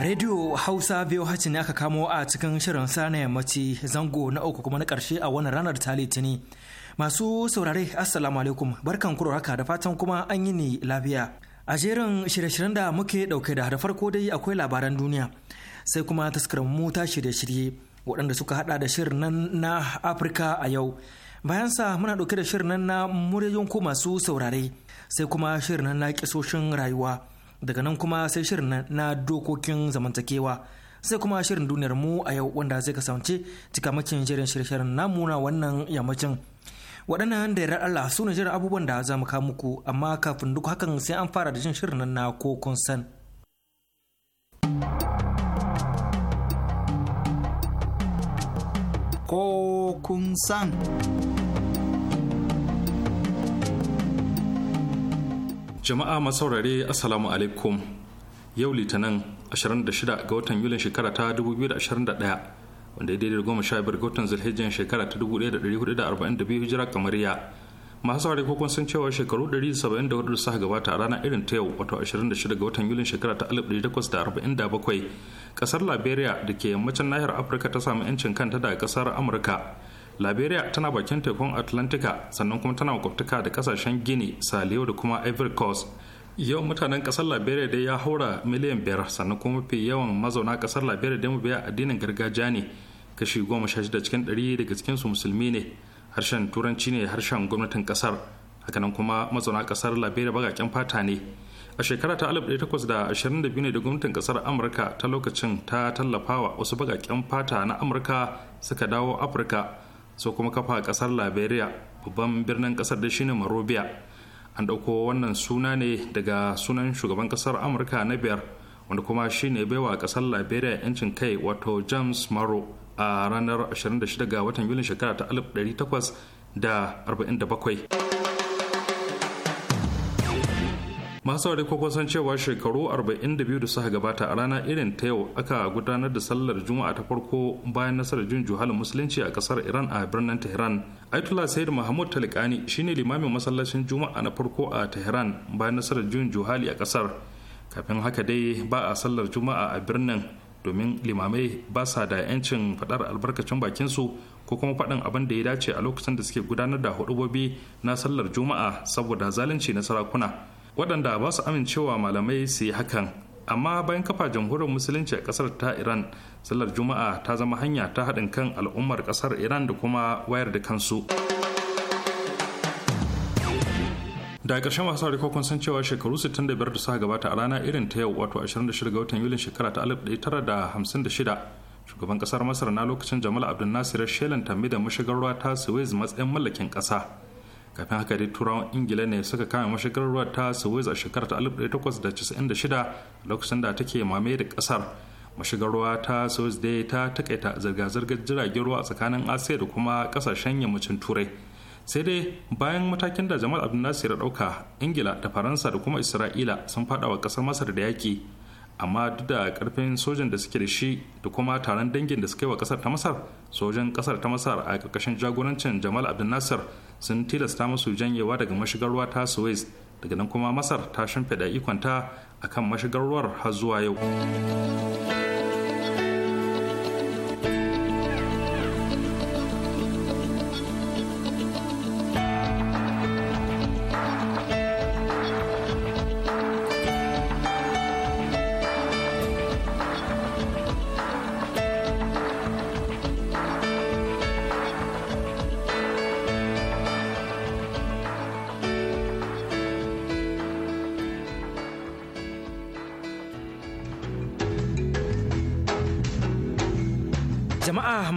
Radio Hausa VOH ne aka kamo a cikin shirin sa na yammaci zango na uku kuma na ƙarshe a wannan ranar ta Masu saurare Assalamu alaikum barkan kuro haka da fatan kuma an yi ni lafiya. A jerin shirye-shiryen da muke ɗauke da da farko dai akwai labaran duniya sai kuma taskarar mu ta shirye-shirye waɗanda suka hada da shirin nan na Afirka a yau. Bayan sa muna ɗauke da shirin nan na muryoyin ku masu saurare sai kuma shirin nan na kisoshin rayuwa. daga nan kuma sai shirin na dokokin zamantakewa sai kuma shirin duniyar mu a yau wanda zai kasance cikamakin shirin shirin namu na wannan yammacin waɗannan da yarar Allah su ne jiran abubuwan da za mu kawo muku amma kafin duk hakan sai an fara da jin shirin na ko kun san. Ko kun san. jama'a masaurare assalamu alaikum yau litinin 26 ga watan yulin shekara ta 2021 wanda ya daidai goma sha biyar ga watan zulhijjan shekara ta 1442 hijira kamariya masu saurari kokon sun cewa shekaru 174 suka gabata a ranar irin ta yau wato 26 ga watan yulin shekara ta 1847 kasar liberia da ke yammacin nahiyar afirka ta samu 'yancin kanta daga kasar amurka liberia tana bakin tekun atlantika sannan kuma tana kwaftuka da kasashen gini saliyo da kuma ivory coast yau mutanen kasar liberia dai ya haura miliyan biyar sannan kuma mafi yawan mazauna kasar liberia da mabiya addinin gargajiya ne kashi goma sha shida cikin ɗari daga cikin su musulmi ne harshen turanci ne harshen gwamnatin kasar hakanan kuma mazauna kasar liberia bagaken fata ne a shekara ta 1822 ne da gwamnatin kasar amurka ta lokacin ta tallafawa wasu bagaken fata na amurka suka dawo afirka so kuma kafa kasar liberia babban birnin kasar da shine marobia an dauko wannan suna ne daga sunan shugaban kasar amurka na biyar wanda kuma shine baiwa kasar liberia yancin kai wato james maro a ranar 26 ga watan yulin shekara ta 1847 masu wari ko san cewa shekaru 42 da suka gabata a rana irin ta yau aka gudanar da sallar juma'a ta farko bayan nasarar jin juhalin musulunci a kasar iran a birnin tehran Aitullah Sayyid Mahmud Talikani shine limamin masallacin juma'a na farko a Tehran bayan nasarar jin juhali a kasar kafin haka dai ba a sallar juma'a a birnin domin limamai ba sa da 'yancin faɗar albarkacin bakinsu ko kuma faɗin abin da ya dace a lokacin da suke gudanar da hudubobi na sallar juma'a saboda zalunci na sarakuna waɗanda ba su amincewa malamai su yi hakan amma bayan kafa jamhuriyar musulunci a ƙasar ta iran sallar juma'a ta zama hanya ta haɗin kan al'ummar ƙasar iran da kuma wayar da kansu da ƙarshen masu saurari kun san cewa shekaru 65 da suka gabata a rana irin ta yau wato 26 ga watan yulin shekara ta 1956 shugaban ƙasar masar na lokacin jamal abdul nasir shelan tambi da mashigar ruwa ta suez matsayin mallakin ƙasa kafin haka dai turawan ingila ne suka kame mashigar ruwa ta suez a shekarar ta 1896 lokacin da take mame da kasar mashigar ruwa ta suez dai ta takaita zirga-zirgar jiragen ruwa a tsakanin asiya da kuma kasashen yammacin turai sai dai bayan matakin da jamal abdul nasir ya dauka ingila da faransa da kuma isra'ila sun fada wa kasar masar da yaki amma duk da karfin sojan da suke da shi da kuma taron dangin da suka wa kasar ta masar sojan kasar ta masar a karkashin jagorancin jamal abdul nasir sun tilasta musu janyewa daga mashigar ruwa ta suez daga nan kuma masar ta shimfiɗa ikonta akan mashigar ruwar har zuwa yau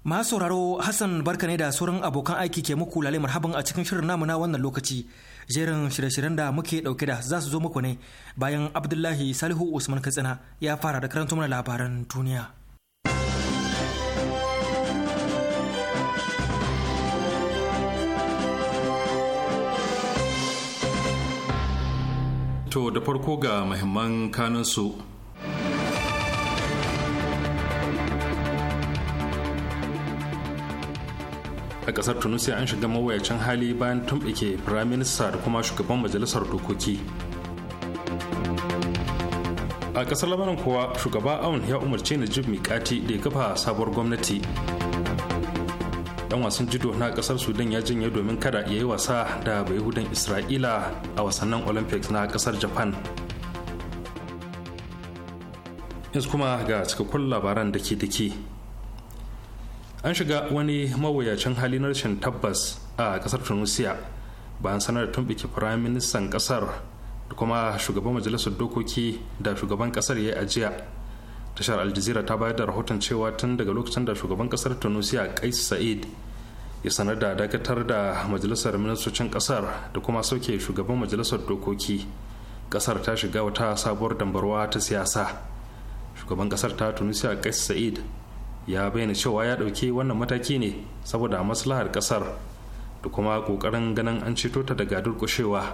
Masu sauraro Hassan barka ne da sauran abokan aiki ke muku lalai marhaban a cikin shirin namu wannan lokaci. Jerin shirye-shiryen da muke dauke da za su zo muku ne bayan Abdullahi Salihu Usman Katsina ya fara da karanta mana labaran duniya. To da farko ga muhimman kanunsu a kasar tunisia an shiga mawuyacin hali bayan tumɓike firaminista da kuma shugaban majalisar dokoki a kasar labaran kuwa shugaba aun ya umarci najib mikati da ya kafa sabuwar gwamnati dan wasan judo na kasar sudan ya janye domin kada ya yi wasa da bayahudan isra'ila a wasannin olympics na kasar japan yanzu kuma ga cikakkun labaran da ke dake an shiga wani mawuyacin hali na rashin tabbas a kasar tunisia bayan sanar da tumbiki firayim ministan kasar da kuma shugaban majalisar dokoki da shugaban kasar ya yi ajiya tashar aljazeera ta bayar da rahoton cewa tun daga lokacin da shugaban kasar tunisia kais sa'id ya sanar da dakatar da majalisar ministocin kasar da kuma sauke shugaban majalisar dokoki kasar ta shiga wata sabuwar dambarwa ta siyasa shugaban kasar ta tunisia kais sa'id ya bayyana cewa ya ɗauki wannan mataki ne saboda maslahar ƙasar da kuma ƙoƙarin ganin an ceto ta daga durƙushewa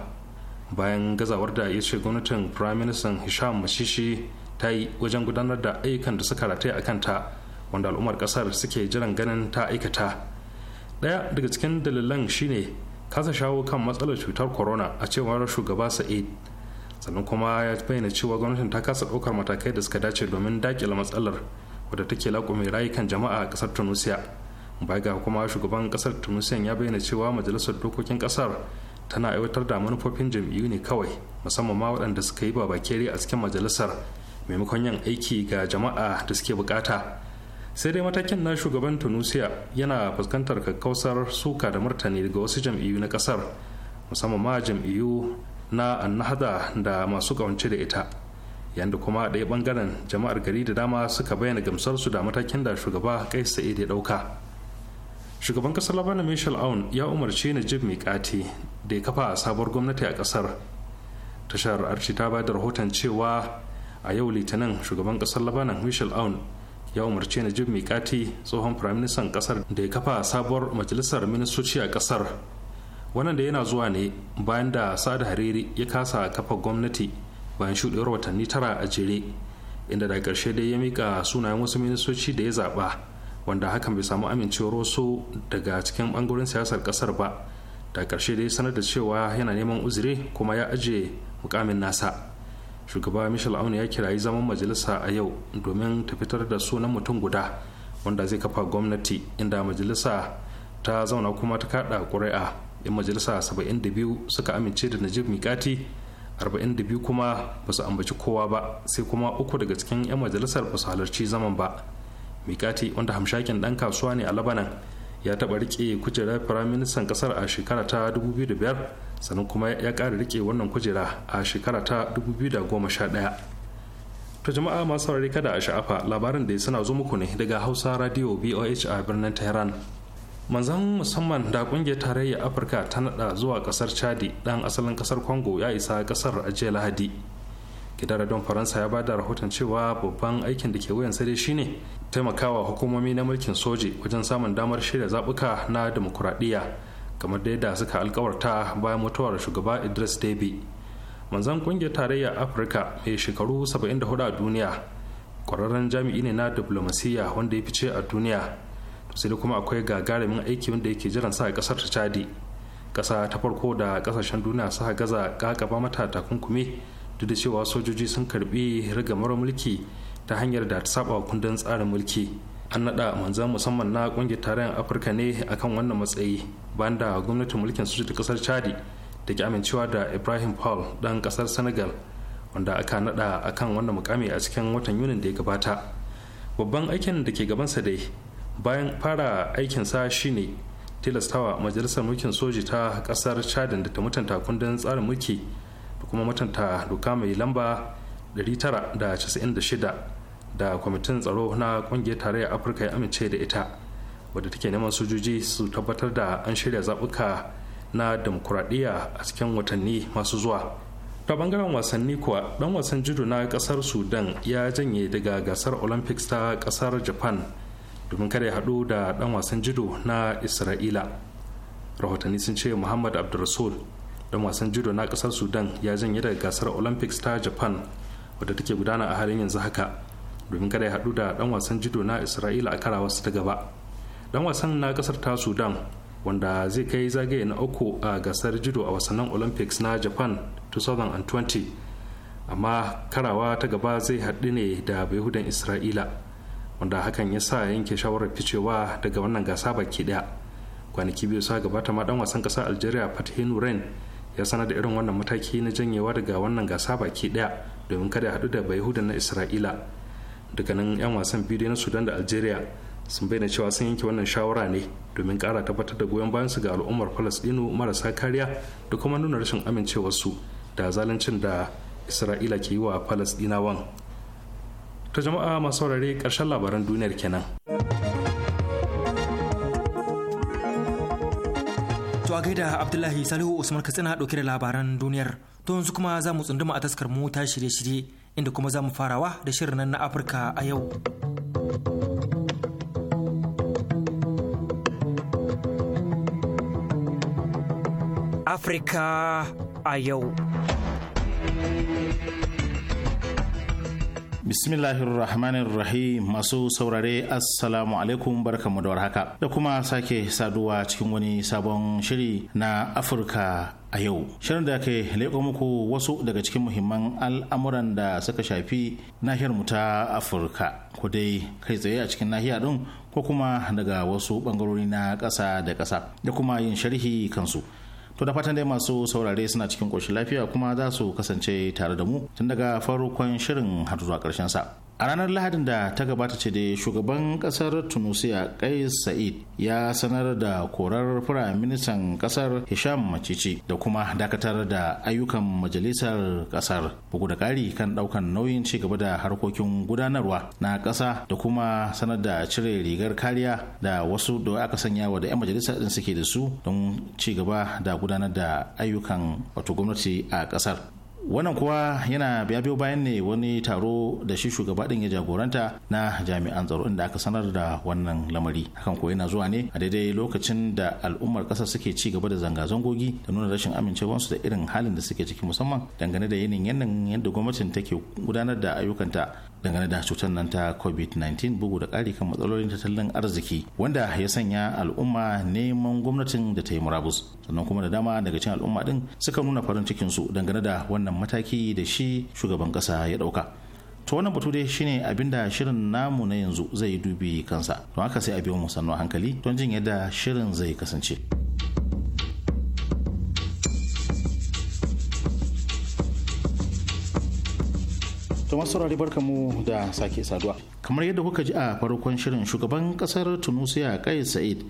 bayan gazawar da ya ce gwamnatin prime minister hisham mashishi ta yi wajen gudanar da ayyukan da suka rataye a kanta wanda al'ummar ƙasar suke jiran ganin ta aikata ɗaya daga cikin dalilan shine kasa shawo kan matsalar cutar corona a cewar shugaba sa'id sannan kuma ya bayyana cewa gwamnatin ta kasa ɗaukar matakai da suka dace domin daƙile matsalar wadda take laƙume rayukan jama'a a ƙasar tunisia baya ga kuma shugaban ƙasar tunisia ya bayyana cewa majalisar dokokin ƙasar tana aiwatar da manufofin jam'iyyu ne kawai musamman ma waɗanda suka yi babakere a cikin majalisar maimakon yin aiki ga jama'a da suke bukata sai dai matakin na shugaban tunisia yana fuskantar kakkausar suka da martani daga wasu jam'iyyu na kasar musamman ma jam'iyyu na annahda da masu kawance da ita yanda kuma a ɗaya bangaren jama'ar gari da dama suka bayyana gamsarsu da matakin da shugaba kai sa'id ya ɗauka shugaban ƙasar labanin michel aun ya umarci jib mikate da ya kafa sabuwar gwamnati a ƙasar tashar arci ta ba da rahoton cewa a yau litinin shugaban ƙasar labanin michel aun ya umarci jib mikati tsohon firaministan ƙasar da ya kafa sabuwar majalisar ministoci a ƙasar wannan da yana zuwa ne bayan da sada hariri ya kasa kafa gwamnati bayan shuɗewar watanni tara a jere inda da karshe dai ya mika sunayen wasu ministoci da ya zaɓa wanda hakan bai samu amincewar wasu daga cikin bangaren siyasar ƙasar ba da karshe dai sanar da cewa yana neman uzure kuma ya aje mukamin nasa shugaba michel aun ya kirayi zaman majalisa a yau domin tafitar da sunan mutum guda wanda zai kafa gwamnati inda majalisa ta zauna kuma ta kada ƙuri'a in majalisa 72 suka amince da najib mikati 42 kuma ba su ambaci kowa ba sai kuma uku daga cikin 'yan majalisar ba su halarci zaman ba mikati wanda hamshakin dan kasuwa ne a labanan ya taɓa rike kujera firaministan ƙasar a shekara ta 2005 sannan kuma ya ƙara rike wannan kujera a shekara ta 2011 to jama'a masu saurari kada a sha'afa labarin da suna zo muku ne daga hausa radio boh a birnin tehran manzan musamman da kungiyar tarayyar afirka ta nada zuwa kasar chadi dan asalin kasar congo ya isa kasar a jiya lahadi gidan radon faransa ya bada rahoton cewa babban aikin da ke wuyan sai dai shine taimakawa hukumomi na mulkin soji wajen samun damar shirya zabuka na demokuraɗiyya kamar da yadda suka alkawarta bayan mutuwar shugaba idris debi. manzan kungiyar tarayyar afirka mai shekaru 74 a duniya kwararren jami'i ne na diplomasiyya wanda ya fice a duniya sai kuma akwai gagarumin aiki wanda yake jiran sa a kasar ta chadi kasa ta farko da kasashen duniya za gaza kakaba mata takunkumi duk da cewa sojoji sun karbi rigamar mulki ta hanyar da ta saba kundin tsarin mulki an nada manzan musamman na kungiyar tarayyar afirka ne akan wannan matsayi banda da gwamnatin mulkin sojoji ta kasar chadi da ke amincewa da ibrahim paul dan kasar senegal wanda aka nada akan wannan mukami a cikin watan yunin da ya gabata babban aikin da ke gabansa dai bayan fara aikin aikinsa shine tilastawa majalisar mulkin soji ta kasar chadin da ta mutunta kundin tsarin mulki da kuma mutunta doka mai lamba 996 da kwamitin tsaro na kungiyar tarayyar afirka ya amince da ita wadda take neman sojoji su tabbatar da an shirya zaɓuka na demokuraɗiyya a cikin watanni masu zuwa ta bangaren wasanni kuwa dan wasan judo na kasar sudan ya janye daga gasar olympics ta kasar japan domin kada ya haɗu da ɗan wasan jido na isra'ila rahotanni sun ce muhammad abdulrasul ɗan wasan jido na ƙasar sudan ya janye daga gasar olympics ta japan wadda take gudana a halin yanzu haka domin kada ya haɗu da ɗan wasan jido na isra'ila a kara wasu ta gaba ɗan wasan na ƙasar ta sudan wanda zai kai zagaye na uku a gasar jido a wasannin olympics na japan 2020 amma karawa ta gaba zai haɗu ne da bayhudan isra'ila wanda hakan ya sa yanke shawarar ficewa daga wannan gasa baki daya kwanaki biyu sa gabata ma dan wasan kasar algeria fatih ren ya sanar da irin wannan mataki na janyewa daga wannan gasa baki daya domin kada hadu da bayahudan na isra'ila daga nan 'yan wasan biyu na sudan da algeria sun bayyana cewa sun yanke wannan shawara ne domin kara tabbatar da goyon bayan su ga al'ummar falastinu marasa kariya da kuma nuna rashin amincewarsu da zaluncin da isra'ila ke yi wa falastinawan ta jama'a masu saurare karshen labaran duniyar kenan. To a gaida Abdullahi Salihu Usman Katsina ɗauke da labaran duniyar. To yanzu kuma za mu tsunduma a taskar mu ta shirye-shirye inda kuma za mu farawa da shirin nan na Afirka a yau. Afirka a yau. Bismillahirrahmanirrahim masu saurare assalamu alaikum barkamu da warhaka da kuma sake saduwa cikin wani sabon shiri na Afirka a yau. Shirin da ke leƙo muku wasu daga cikin muhimman al'amuran da suka shafi nahiyar mu ta Afirka. Ku dai kai tsaye a cikin nahiya ɗin ko kuma daga wasu bangarori na ƙasa da ƙasa da kuma yin sharhi kansu. To da fatan dai masu saurare suna cikin koshin lafiya kuma za su kasance tare da mu tun daga farkon shirin har zuwa ƙarshen sa. a ranar lahadin da ta gabata ce da shugaban kasar tunisia kais sa'id ya sanar da korar firaministan ministan kasar hisham macici da kuma dakatar da ayyukan majalisar kasar bugu da kari kan daukan nauyin ci gaba da harkokin gudanarwa na kasa da kuma sanar da cire rigar kariya da wasu da aka sanya wa da 'yan majalisar din suke da su don ci gaba da gudanar da ayyukan wato gwamnati a kasar wannan kuwa yana biyo bayan ne wani taro da shi shugaba din ya jagoranta na jami'an tsaro inda aka sanar da wannan lamari hakan ko yana zuwa ne a daidai lokacin da al'ummar ƙasa suke ci gaba da zanga-zangogi da nuna rashin amincewarsu da irin halin da suke ciki musamman dangane da yanayin yanayin yadda gwamnatin take gudanar da ayyukanta dangane da cutar nan ta covid-19 bugu da kari kan matsalolin tattalin arziki wanda ya sanya al'umma neman gwamnatin da ta yi murabus sannan kuma da dama daga cin al'umma din suka nuna farin cikin su dangane da wannan mataki da shi shugaban ƙasa ya ɗauka to wannan batu dai shine abin da shirin namu na yanzu zai dubi kansa don haka sai a biyo mu sannu hankali don jin yadda shirin zai kasance. wasu saurari barka mu da sake saduwa kamar yadda kuka ji a farkon shirin shugaban kasar tunusiya kai sa'id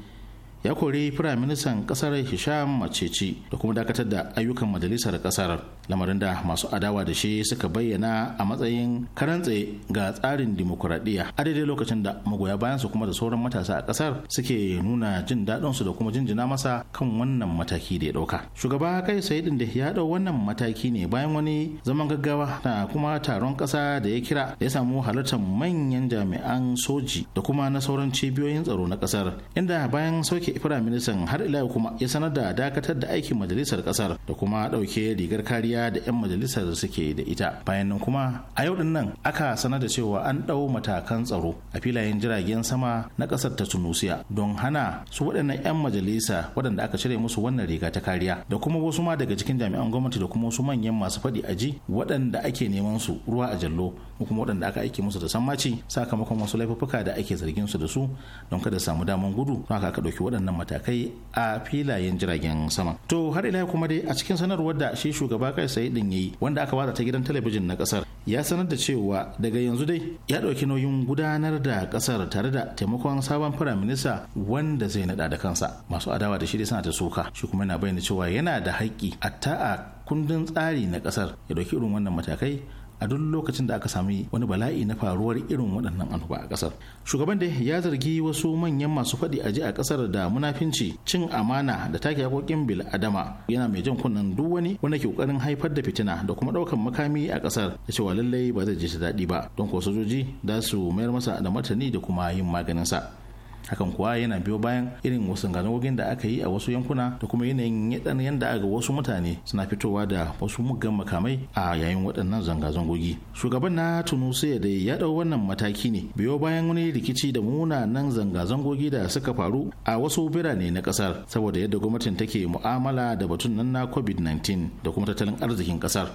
ya kori firaministan kasar hisham maceci da kuma dakatar da ayyukan majalisar kasar lamarin da masu adawa da shi suka bayyana a matsayin karantse ga tsarin dimokuraɗiyya a daidai lokacin da magoya bayan su kuma da sauran matasa a kasar suke nuna jin daɗin su da kuma jinjina masa kan wannan mataki da ya ɗauka shugaba kai sayidin da ya ɗau wannan mataki ne bayan wani zaman gaggawa na kuma taron ƙasa da ya kira da ya samu halartar manyan jami'an soji da kuma na sauran cibiyoyin tsaro na ƙasar inda bayan sauke dauke ministan har ila kuma ya sanar da dakatar da aikin majalisar kasar da kuma dauke rigar kariya da 'yan majalisar suke da ita bayan nan kuma a yau din nan aka sanar da cewa an dau matakan tsaro a filayen jiragen sama na kasar ta tunusiya don hana su waɗannan 'yan majalisa waɗanda aka cire musu wannan riga ta kariya da kuma wasu ma daga cikin jami'an gwamnati da kuma wasu manyan masu faɗi aji waɗanda ake neman su ruwa a jallo ko kuma waɗanda aka aike musu da sammaci sakamakon wasu laifuka da ake zargin su da su don kada samu damun gudu don haka aka ɗauki waɗannan matakai a filayen jiragen sama to har ila kuma dai a cikin sanarwar da shi shugaba kai sai din yayi wanda aka watsa ta gidan talabijin na kasar ya sanar da cewa daga yanzu dai ya ɗauki nauyin gudanar da kasar tare da taimakon sabon firaminista wanda zai naɗa da kansa masu adawa da shi dai suna ta suka shi kuma yana bayyana cewa yana da haƙƙi a ta'a kundin tsari na kasar ya ɗauki irin wannan matakai a duk lokacin da aka sami wani bala'i na faruwar irin waɗannan annoba a ƙasar shugaban da ya zargi wasu manyan masu faɗi a ji a ƙasar da munafinci cin amana da take hakokin bil adama yana mai jan kunnen duk wani wanda ke ƙoƙarin haifar da fitina da kuma ɗaukan makami a ƙasar da cewa lallai ba zai ji daɗi ba don ko sojoji za su mayar masa da martani da kuma yin maganinsa hakan kuwa yana biyo bayan irin wasu ganogogin da aka yi a wasu yankuna da kuma yanayin yadda yanda aga wasu mutane suna fitowa da wasu muggan makamai a yayin waɗannan zanga-zangogi shugaban na tunusiya da ya ɗau wannan mataki ne biyo bayan wani rikici da munanan zanga-zangogi da suka faru a wasu birane na ƙasar saboda yadda gwamnatin take mu'amala da batun nan na covid-19 da kuma tattalin arzikin ƙasar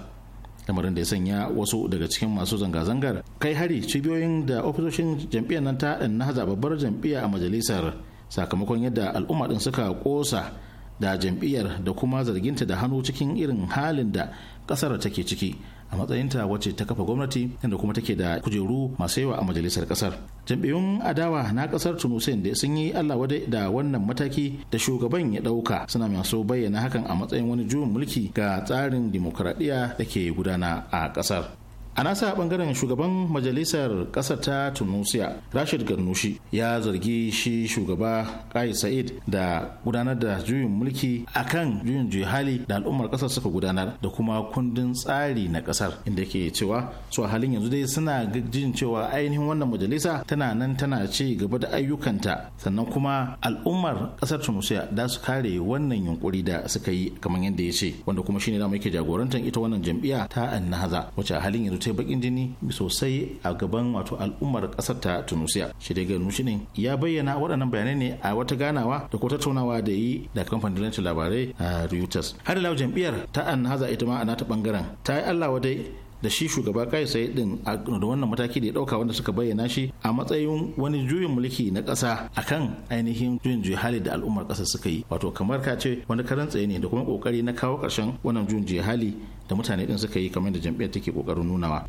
lamarin da ya sanya wasu daga cikin masu zanga-zangar kai hari cibiyoyin da ofisoshin jam'iyyar nan ta na babbar jam'iyya a majalisar sakamakon yadda al'umma din suka kosa da jam'iyyar da kuma zarginta da hannu cikin irin halin da kasar take ciki a matsayinta wacce ta kafa gwamnati inda kuma take da kujeru masu yawa a majalisar kasar jam'iyyun adawa na kasar tunusin da sun yi allah wadai da wannan mataki da shugaban ya dauka suna masu bayyana hakan a matsayin wani juyin mulki ga tsarin dimokuraɗiyya da ke gudana a kasar a nasa bangaren shugaban majalisar kasar ta tunisia rashid garnushi ya zargi shi shugaba kai sa'id da gudanar da juyin mulki a kan juyin juyi hali da al'ummar kasar suka gudanar da kuma kundin tsari na kasar inda ke cewa su a halin yanzu dai suna jin cewa ainihin wannan majalisa tana nan tana ci gaba da ayyukanta sannan kuma al'ummar kasar tunisia da su kare wannan yunkuri da suka yi kamar yadda ya ce wanda kuma shine da muke jagorantar ita wannan jam'iyya ta annahaza wacce a halin yanzu ta yi bakin jini sosai a gaban wato al'ummar kasar ta tunisia shi dai ganu shi ne ya bayyana waɗannan bayanai ne a wata ganawa da ko tattaunawa da yi da kamfanin dalilin labarai a ah, reuters har ila jam'iyyar ta an haza ita ma a nata bangaren ta yi allah wadai da shi shugaba kai sai din da wannan mataki da ya dauka wanda suka bayyana shi a matsayin wani juyin mulki na ƙasa akan ainihin juyin juyi hali da al'ummar kasa suka yi wato kamar ka ce wani karan tsaye ne da kuma kokari na kawo karshen wannan juyin juyi hali da mutane din suka yi kamar da jam'iyyar take kokarin nunawa.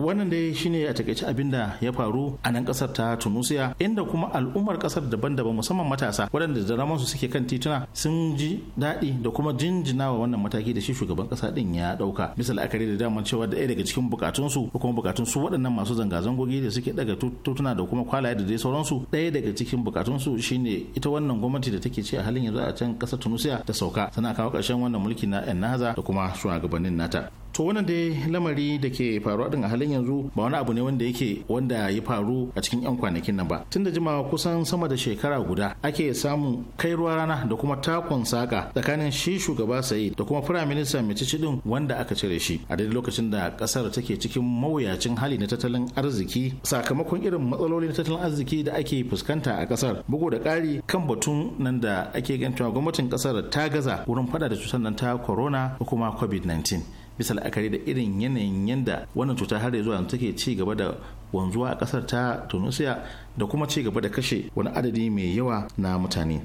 wannan dai shine a takaice abin da ya faru a nan kasar ta tunisia inda kuma al'ummar kasar daban-daban musamman matasa waɗanda da su suke kan tituna sun ji daɗi da kuma jinjinawa wannan mataki da shi shugaban kasa din ya ɗauka bisa la'akari da daman cewa da ɗaya daga cikin bukatunsu ko kuma bukatun su waɗannan masu zanga-zangogi da suke daga tutuna da kuma kwalaye da dai sauransu ɗaya daga cikin bukatunsu shine ita wannan gwamnati da take ce a halin yanzu a can kasar tunisia ta sauka tana kawo ƙarshen wannan mulki na yan da kuma shugabannin nata to wannan dai lamari da ke faruwa din a halin yanzu ba wani abu ne wanda yake wanda ya faru a cikin yan kwanakin nan ba Tunda jimawa kusan sama da shekara guda ake samun kai ruwa rana da kuma takon saka tsakanin shi shugaba sayid da kuma firayim minista cici din wanda aka cire shi a daidai lokacin da kasar take cikin mawuyacin hali na tattalin arziki sakamakon irin matsaloli na tattalin arziki da ake fuskanta a kasar bugu da kari kan batun nan da ake gan gwamnatin kasar ta gaza wurin fada da cutar nan ta corona da kuma covid-19 bisa la'akari da irin yanayin yadda wannan cuta har zuwa yanzu take ci gaba da wanzuwa a kasar ta tunisia da kuma ci gaba da kashe wani adadi mai yawa na mutane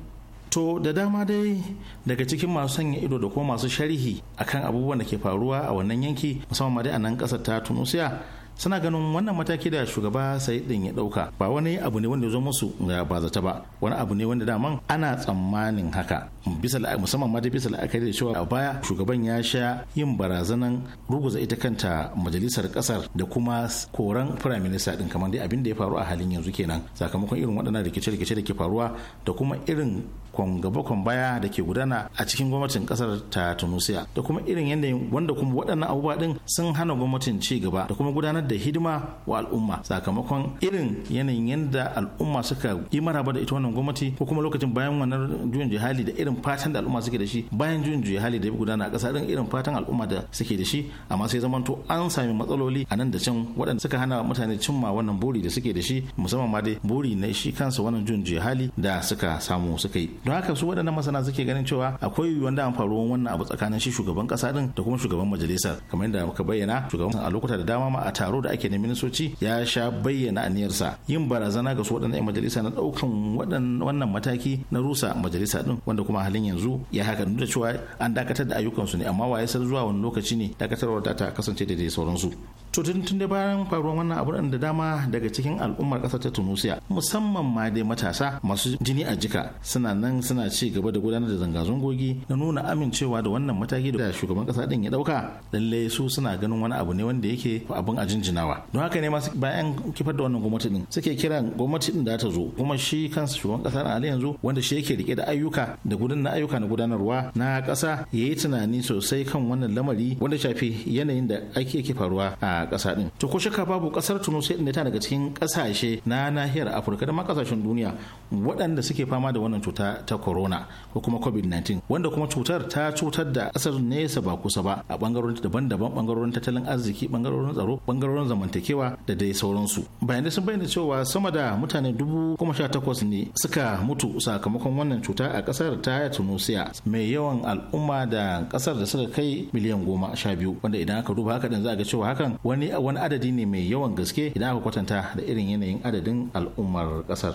to da dama dai daga cikin masu sanya ido da kuma masu sharhi akan abubuwan da ke faruwa a wannan yanki musamman ma dai a nan kasar ta tunisia suna ganin wannan mataki da shugaba sai din ya dauka ba wani abu ne wanda ya zo musu ga ba zata ba wani abu ne wanda daman ana tsammanin haka bisa musamman ma da bisa la'akari da cewa a baya shugaban ya sha yin barazanan ruguza ita kanta majalisar kasar da kuma koran firaminista din kamar dai abin da ya faru a halin yanzu kenan sakamakon irin waɗannan rikice-rikice da ke faruwa da kuma irin kwan gaba baya da ke gudana a cikin gwamnatin kasar ta tunisia da kuma irin yanayin wanda kuma waɗannan abubuwa din sun hana gwamnatin ci gaba da kuma gudanar da hidima wa al'umma sakamakon irin yanayin yadda al'umma suka yi maraba da ita wannan gwamnati ko kuma lokacin bayan wannan juyin juya hali da irin fatan da al'umma suke da shi bayan juyin juya hali da ya gudana a ƙasa irin fatan al'umma da suke da shi amma sai zaman to an sami matsaloli a nan da can waɗanda suka hana mutane cimma wannan buri da suke da shi musamman ma dai buri na shi kansa wannan juyin hali da suka samu suka yi don haka su waɗannan masana suke ganin cewa akwai yiwuwar da faruwar wannan abu tsakanin shi shugaban kasa din da kuma shugaban majalisar kamar yadda muka bayyana shugaban a lokuta da dama ma a taro da ake na ministoci ya sha bayyana aniyarsa yin barazana ga su waɗannan 'yan majalisa na ɗaukan wannan mataki na rusa majalisa din wanda kuma halin yanzu ya haka duk da cewa an dakatar da ayyukansu ne amma waye san zuwa wani lokaci ne dakatarwar ta kasance da dai sauransu to tun tun da bayan faruwar wannan abu da dama daga cikin al'ummar ƙasar ta tunisia musamman ma dai matasa masu jini a jika suna nan nan suna ci gaba da gudanar da zanga-zangogi na nuna amincewa da wannan mataki da shugaban kasa din ya dauka lalle su suna ganin wani abu ne wanda yake abin a jinjinawa don haka ne masu bayan kifar da wannan gwamnati din suke kiran gwamnati din da ta zo kuma shi kansa shugaban kasa na yanzu wanda shi yake rike da ayyuka da gudanar ayyuka na gudanarwa na kasa yayi tunani sosai kan wannan lamari wanda shafi yanayin da ake yake faruwa a kasa din to ko shaka babu kasar tunisia din ta daga cikin kasashe na nahiyar afirka da ma kasashen duniya waɗanda suke fama da wannan cuta ta corona ko kuma covid-19 wanda kuma cutar ta cutar da kasar nesa ba kusa ba a bangarorin daban-daban bangarorin tattalin arziki bangarorin tsaro bangarorin zamantakewa da dai sauransu bayanai sun bayyana cewa sama da mutane dubu kuma sha takwas ne suka mutu sakamakon wannan cuta a kasar ta tunisia mai yawan al'umma da kasar da suka kai miliyan goma sha biyu wanda idan aka duba haka din za a ga cewa hakan wani wani adadi ne mai yawan gaske idan aka kwatanta da irin yanayin adadin al'ummar kasar.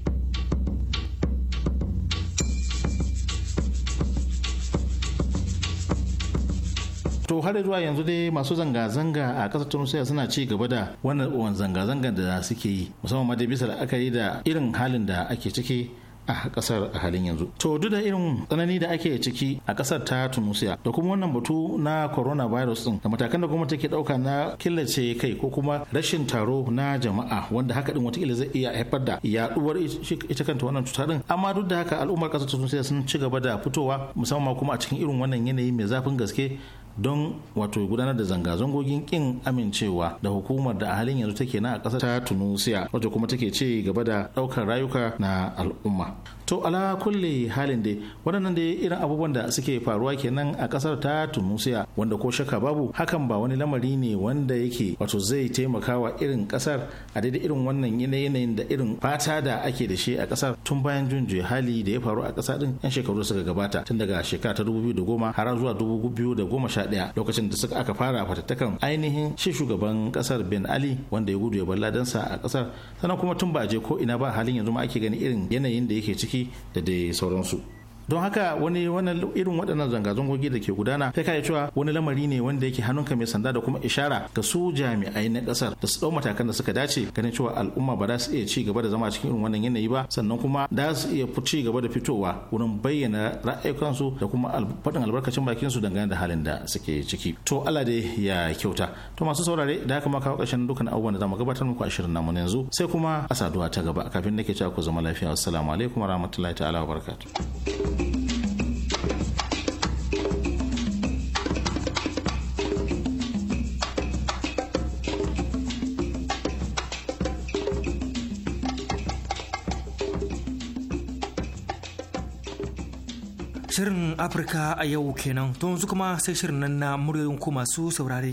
to har zuwa yanzu dai masu zanga-zanga a kasar tunisia suna ci gaba da wannan zanga-zangar da suke yi musamman dai bisa la'akari da irin halin da ake ciki a kasar a halin yanzu to duk da irin tsanani da ake ciki a kasar ta tunisia da kuma wannan batu na coronavirus din da matakan da gwamnati ke dauka na killace kai ko kuma rashin taro na jama'a wanda haka din watakila zai iya haifar da yaduwar ita kanta wannan cuta din amma duk da haka al'ummar kasar tunisia sun ci gaba da fitowa musamman kuma a cikin irin wannan yanayi mai zafin gaske don wato gudanar da zanga-zangogin kin amincewa da hukumar da a halin yanzu take na a ƙasar ta tunusiya wato kuma take ce gaba da ɗaukar rayuka na al'umma to ala kulle halin dai waɗannan dai irin abubuwan da suke faruwa kenan a ƙasar ta tunisia wanda ko shaka babu hakan ba wani lamari ne wanda yake wato zai taimaka wa irin ƙasar a daidai irin wannan yanayin da irin fata da ake da shi a ƙasar tun bayan jin hali da ya faru a ƙasa din yan shekaru suka gabata tun daga shekara ta goma har zuwa ɗaya lokacin da suka aka fara fatattakan ainihin shi shugaban ƙasar ben ali wanda ya gudu ya bar dansa a ƙasar sannan kuma tun ba a je ko ina ba halin yanzu ma ake gani irin yanayin da yake ciki ciki da dai sauransu don haka wani wannan irin waɗannan zanga-zangogi da ke gudana sai kai cewa wani lamari ne wanda yake hannunka mai sanda da kuma ishara ga su jami'ai na ƙasar da su ɗau matakan da suka dace ganin cewa al'umma ba za su iya ci gaba da zama cikin irin wannan yanayi ba sannan kuma da su iya ci gaba da fitowa wurin bayyana ra'ayoyinsu da kuma faɗin albarkacin bakin su dangane da halin da suke ciki to Allah dai ya kyauta to masu saurare da haka ma kawo ƙarshen dukkan abubuwan da zamu gabatar muku a shirin namu yanzu sai kuma a saduwa ta gaba kafin nake cewa ku zama lafiya assalamu alaikum warahmatullahi ta'ala wabarakatuh Shirin Afirka a yau kenan to yanzu kuma sai shirin nan na muryoyin ku masu saurare.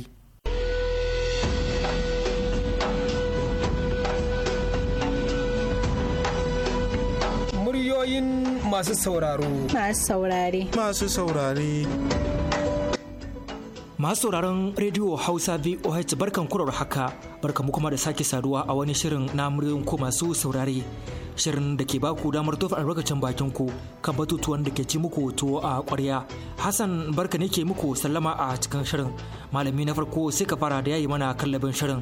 Muryoyin masu sauraro. Masu saurare. Masu saurare. Masu sauraron rediyo Hausa VOH barkan kurar haka mu kuma da sake saduwa a wani shirin na muryoyin ko masu saurare. Shirin da ke baku damar tofa albarkacin bakin ku kan batutuwan da ke ci muku to a ƙwarya. Hassan barka ne ke muku sallama a cikin shirin. Malami na farko sai ka fara da yayi mana kallabin shirin.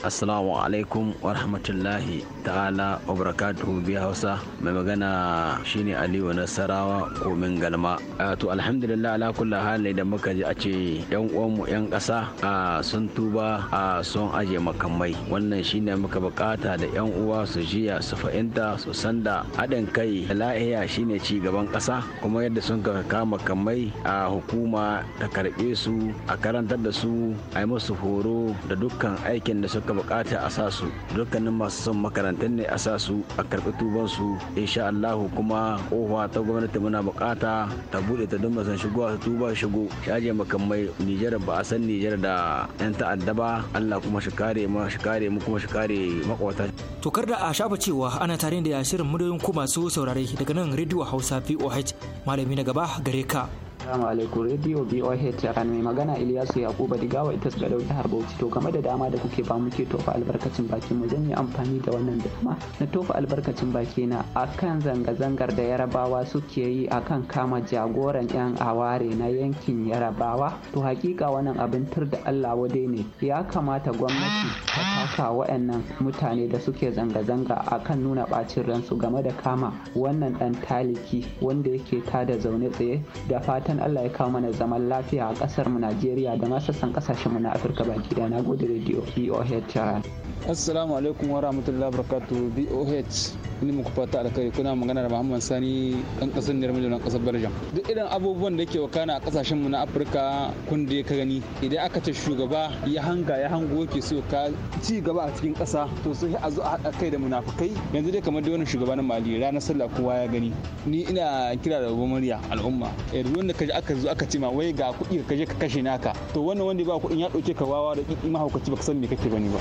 Assalamu alaikum wa rahmatullahi ta'ala wa barakatuhu bi Hausa mai magana shine Aliyu Nasarawa komin galma. To alhamdulillah ala kulli hali da muka ji a ce yan uwanmu yan ƙasa sun tuba a sun aje makamai wannan shine muka bukata da yan uwa su jiya su fahimta su sanda haɗin kai da lahiya shine ci gaban ƙasa kuma yadda sun kama makamai a hukuma ta karɓe su a karantar da su a yi musu horo da dukkan aikin da suka suka bukata a sa su dukkanin masu son makarantar ne a sa su a karɓi tuban su insha Allahu kuma kofa ta gwamnati muna bukata ta bude ta don san shigo ta tuba shigo shaje makamai Nijar ba a san Nijar da yan ta'adda ba Allah kuma shi kare ma shi kare mu kuma shi kare makwata to kar da a shafa cewa ana tare da yashirin muryoyin ku masu saurare daga nan Radio Hausa VOH malami na gaba gare ka Assalamu alaikum Radio BOH Tehran mai magana Ilyasu Yakuba Digawa ita suka dauki har Bauchi to game da dama da kuke ba muke tofa albarkacin baki mu zan yi amfani da wannan dama na tofa albarkacin baki na akan zanga-zangar da Yarabawa suke yi akan kama jagoran yan aware na yankin Yarabawa to hakika wannan abin tur da Allah wadai ne ya kamata gwamnati ta taka waɗannan mutane da suke zanga-zanga akan nuna bacin ransu game da kama wannan dan taliki wanda yake tada zaune tsaye da fatan Allah ya kawo mana zaman lafiya a kasar mu Najeriya da ma sassan kasashen mu na Afirka baki da nagode radio BOH Tehran Assalamu alaikum wa rahmatullahi barakatuh BOH ni muku fata alkhairi kuna magana da Muhammad Sani Ɗan kasar Nirmijin dan kasar Belgium duk irin abubuwan da ke wakana a kasashen mu na Afirka kun da ka gani idan aka ce shugaba ya hanga ya hango ke so ka ci gaba a cikin kasa to sai a zo a haɗa kai da munafukai yanzu dai kamar da wannan na Mali ranar sallah kowa ya gani ni ina kira da murya al'umma eh, wanda ka aka zo aka ce ma wai ga kuɗi ka je ka kashe naka to wannan wanda ba kuɗin ya ɗauke ka wawa da kiki mahaukaci baka san me kake bane ba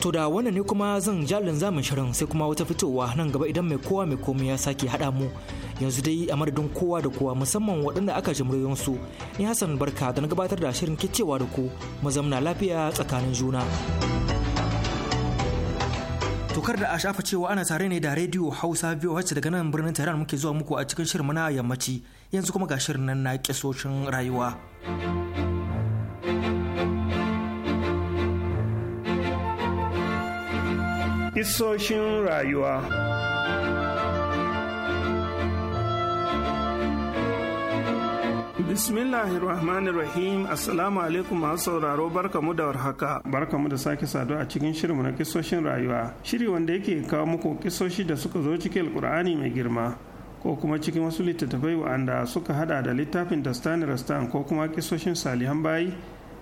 to da wannan ne kuma zan jalin zamin shirin sai kuma wata fitowa nan gaba idan mai kowa mai komai ya sake haɗa mu yanzu dai a madadin kowa da kowa musamman waɗanda aka ji su ni hassan barka da na gabatar da shirin kicewa da ku mu zamna lafiya tsakanin juna tokar da a shafa cewa ana tare ne da rediyo hausa biyu wacce daga nan birnin tehran muke zuwa muku a cikin shirin na yammaci yanzu kuma ga shirin nan na kisoshin rayuwa. Kisoshin rayuwa Bismillahirrahmanirrahim Assalamu alaikum masu sauraro barkamu da warhaka barkamu da sake saduwa a cikin shirinmu na kisoshin rayuwa shiri wanda yake kawo muku kisoshi da suka zo cikin alkur'ani mai girma ko kuma cikin wasu littattafai wa'anda suka hada da littafin dastani rastan ko kuma kisoshin salihan bayi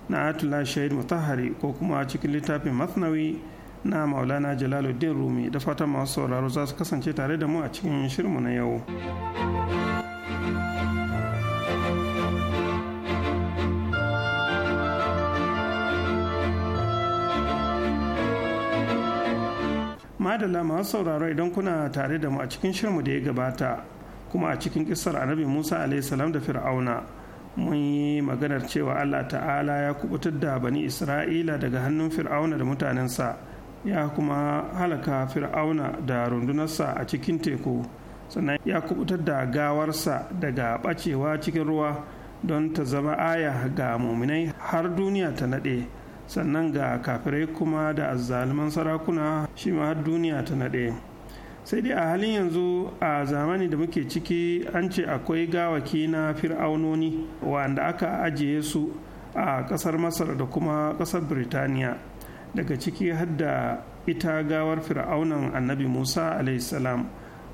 na atula shahid mutahari ko kuma cikin littafin masnawi na maulana jalaluddin rumi da fatan masu sauraro za su kasance tare da mu a cikin shirmu na yau madalla masu sauraro idan kuna tare da mu a cikin shirmu da ya gabata kuma a cikin kisar annabi musa salam da fir'auna mun yi maganar cewa allah ta'ala ya kubutar da bani isra'ila daga hannun fir'auna da mutanensa ya kuma halaka fir'auna da rundunarsa a cikin teku sannan ya kubutar da gawarsa daga bacewa cikin ruwa don ta zama aya ga muminai har duniya ta nade. sannan ga kafirai kuma da azzaluman sarakuna shi ma har duniya ta naɗe sai dai a halin yanzu a zamani da muke ciki an ce akwai gawaki na fir'aunoni wanda aka ajiye su a ƙasar masar da kuma ƙasar birtaniya daga ciki har da ita gawar fir'aunan annabi musa salam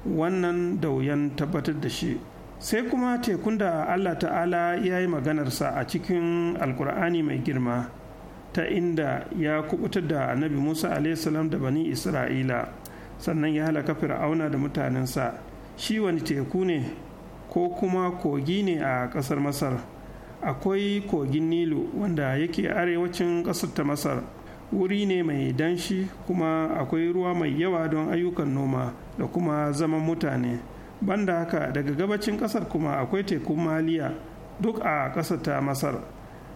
wannan da wuyan tabbatar da shi sai kuma tekun da allah ta'ala ya yi maganarsa a cikin alkur'ani mai girma ta inda ya kubutar da annabi musa salam da bani isra'ila sannan ya halaka fir'auna da mutanensa shi wani teku ne ko kuma kogi ne a ƙasar masar akwai kogin nilu wanda yake arewacin ƙasar ta masar wuri ne mai danshi kuma akwai ruwa mai yawa don ayyukan noma da kuma zaman mutane banda haka daga gabacin ƙasar kuma akwai tekun maliya duk a ƙasar ta masar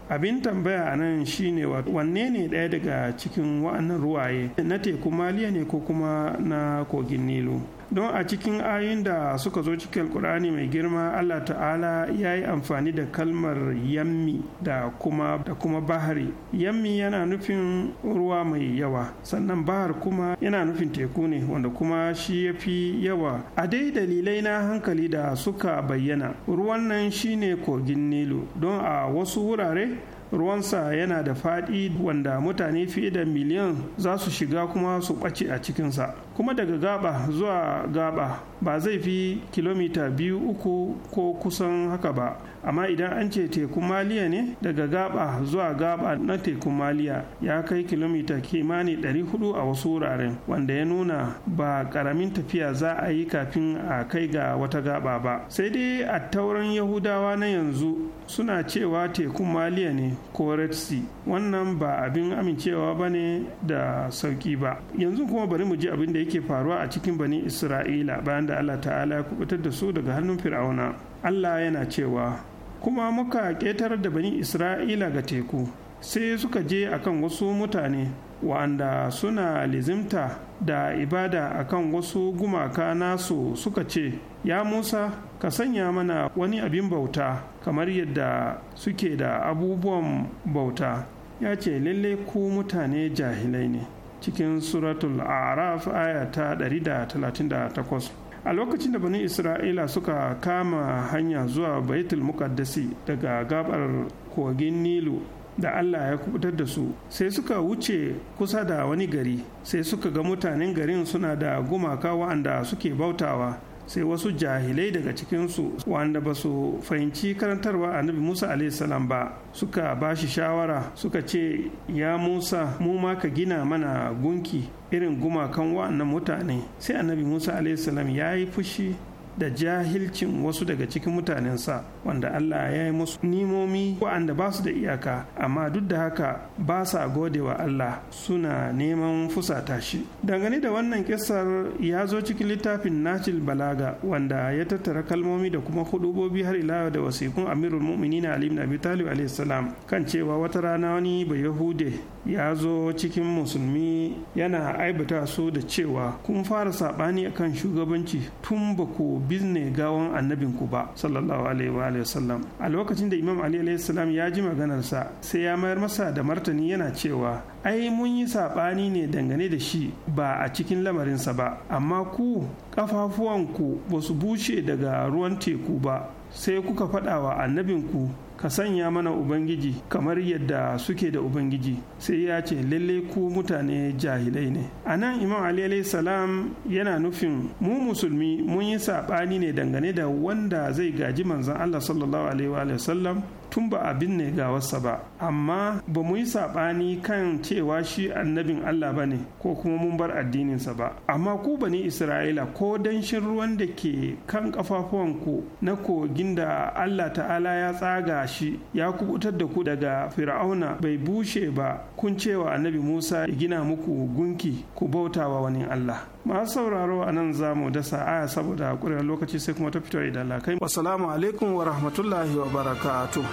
abin tambaya a nan shi shine wanne ne ɗaya daga cikin wa'annan ruwaye na teku maliya ne ko kuma na kogin nilu don a cikin ayoyin da suka zo cikin alkur'ani mai girma allah ta'ala ya yi amfani da kalmar yammi da kuma da kuma bahari yammi yana nufin ruwa mai yawa sannan bahar kuma yana nufin teku ne wanda kuma shi ya fi yawa a dai dalilai na hankali da suka bayyana ruwan nan shine kogin nilu don a wasu wurare ruwansa yana da faɗi wanda mutane fiye da miliyan za su shiga kuma su ɓace a cikinsa kuma daga gaba zuwa gaba ba zai fi kilomita biyu uku ko kusan haka ba amma idan an ce tekun maliya ne daga gaba zuwa gaba na tekun maliya ya kai kilomita kimani hudu a wasu wuraren wanda ya nuna ba karamin tafiya za a yi kafin a kai ga wata gaba ba sai dai a tauran yahudawa na yanzu suna cewa tekun maliya ne ko red sea wannan ba abin amincewa ba ne da sauki ba yanzu kuma bari mu ji abin da yake faruwa a cikin bani isra'ila bayan da allah ta'ala ya kubutar da su daga hannun fir'auna allah yana cewa kuma muka ƙetar da bani isra'ila ga teku sai suka je akan wasu mutane wa'anda suna lizimta da ibada akan wasu gumaka nasu suka ce ya musa ka sanya mana wani abin bauta kamar yadda suke da abubuwan bauta ya ce lalle ku mutane jahilai ne cikin suratul araf aya ta 138 a lokacin da bani isra'ila suka kama hanya zuwa baitul muqaddasi daga gabar kogin nilu da allah ya kubutar da su sai suka wuce kusa da wani gari sai suka ga mutanen garin suna da gumaka wa'anda suke bautawa sai wasu jahilai daga cikinsu wanda ba su fahimci karantarwa annabi musa salam ba suka ba shi shawara suka ce ya musa mu ma ka gina mana gunki irin gumakan wa'annan mutane sai annabi musa salam ya yi fushi da jahilcin wasu daga cikin mutanensa wanda Allah ya yi musu nimomi waɗanda ba su da iyaka amma duk da haka ba sa gode wa Allah suna neman fusata shi dangane da wannan kisar ya zo cikin littafin nacil Balaga wanda ya tattara kalmomi da kuma hudubobi har ila da wasikun Amirul Mu'minin Ali ibn Abi Talib salam kan cewa wata rana wani Bayahude ya zo cikin musulmi yana aibata su da cewa kun fara sabani akan shugabanci tun ba ku gawon gawan ku ba sallallahu alaihi wa sallam a lokacin da imam ali alaihi salam ya ji maganarsa sai ya mayar masa da martani yana cewa ai mun yi saɓani ne dangane da shi ba a cikin lamarinsa ba amma ku kafafuwan ku su bushe daga ruwan teku ba sai kuka faɗa wa annabinku ka sanya mana ubangiji kamar yadda suke da ubangiji sai ya ce lalle ku mutane jahilai ne a nan imam ali salam yana nufin mu musulmi mun yi saɓani ne dangane da wanda zai gaji manzan allah sallallahu alaihi wa sallam tun ba abin ne ga wasa ba amma ba mu yi saɓani kan cewa shi annabin Allah ba ne ko kuma mun bar addininsa ba amma ku bani Isra'ila ko danshin ruwan da ke kan ku na kogin da Allah ta'ala ya tsaga shi ya kubutar da ku daga fir'auna bai bushe ba kun cewa annabi musa ya gina muku gunki ku bauta wani allah masu sauraro a nan za mu dasa aya saboda ƙuren lokaci sai kuma ta fito idan lakai wasalamu alaikum wa rahmatullahi wa barakatu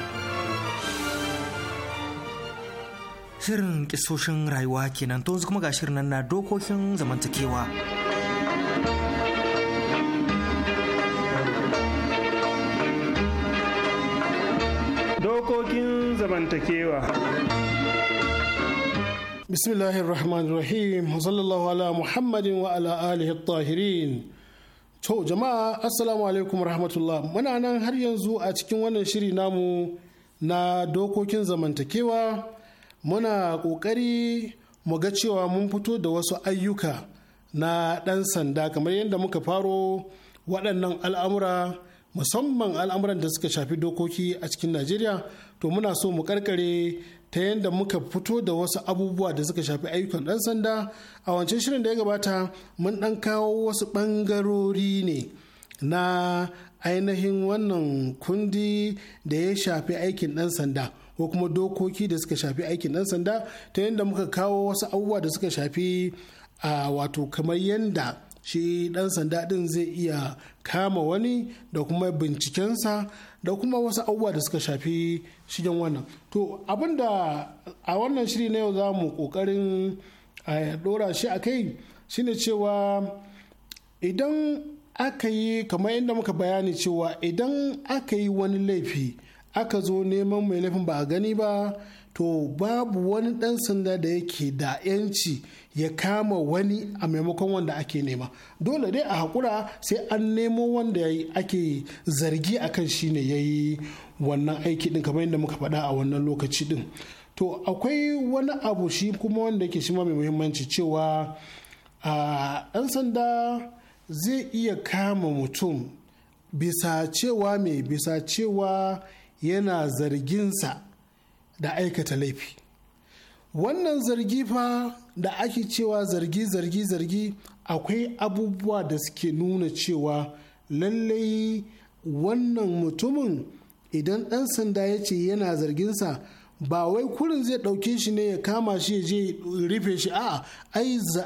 shirin kisoshin rayuwa kenan to yanzu kuma ga shirin na dokokin zamantakewa dokokin zamantakewa bismillahir rahmanir rahim sallallahu ala muhammadin wa ala alihi tahirin to jama'a assalamu alaikum rahmatullah muna nan har yanzu a cikin wannan shiri namu na dokokin zamantakewa muna kokari mu ga cewa mun fito da wasu ayyuka na ɗan sanda kamar yadda muka faro waɗannan al'amura musamman al'amuran da suka shafi dokoki a cikin najeriya to muna so mu karkare ta yadda muka fito da wasu abubuwa da suka shafi ayyukan ɗan sanda a wancan shirin da ya gabata mun ɗan kawo wasu ɓangarori ne na ainihin wannan kundi da ya shafi aikin ɗan sanda ko kuma dokoki da suka shafi aikin ɗan sanda ta yadda muka kawo wasu abubuwa da suka shafi a wato kamar yadda shi ɗan sanda ɗin zai iya kama wani da kuma bincikensa da kuma wasu abubuwa da suka shafi shigen wannan to abinda a wannan shiri na yau za mu kokarin a dora shi a kai shine cewa idan aka yi kamar yadda muka bayani cewa idan aka yi wani laifi aka zo neman mai laifin ba a gani ba to babu wani ɗan sanda da yake da 'yanci ya kama wani a maimakon wanda ake nema dole dai a hakura sai an nemo wanda ake zargi akan shi ne ya yi wannan aiki ɗin kamar yadda muka faɗa a wannan lokaci ɗin to akwai wani abu shi kuma wanda yake shi ma mai muhimmanci cewa ɗan sanda zai iya kama mutum bisa cewa mai bisa cewa yana zarginsa da aikata laifi wannan zargi fa da ake cewa zargi zargi zargi akwai abubuwa da suke nuna cewa lallai wannan mutumin idan ɗan sanda ya ce yana zarginsa ba wai kurin zai ɗauke shi ne ya kama shi ya je rufe shi a'a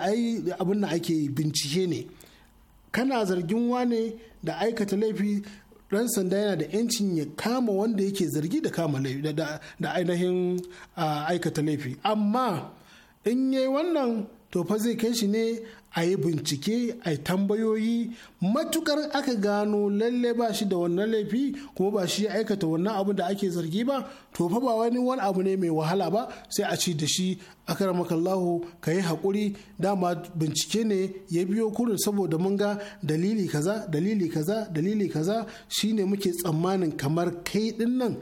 ai abin da ake bincike ne kana zargin wane da aikata laifi dan sanda yana da yancin ya kama wanda yake zargi da kama da ainihin aikata laifi amma in yi wannan to zai kai shi ne a yi bincike a yi tambayoyi matukar aka gano lalle ba shi da wannan laifi kuma ba shi ya aikata wannan abu da ake zargi ba to fa ba wani wani abu ne mai wahala ba sai a ci da shi akaramakallahu ka yi haƙuri dama bincike ne ya biyo kurin saboda mun ga dalili kaza dalili kaza dalili kaza shine muke tsammanin kamar kai din nan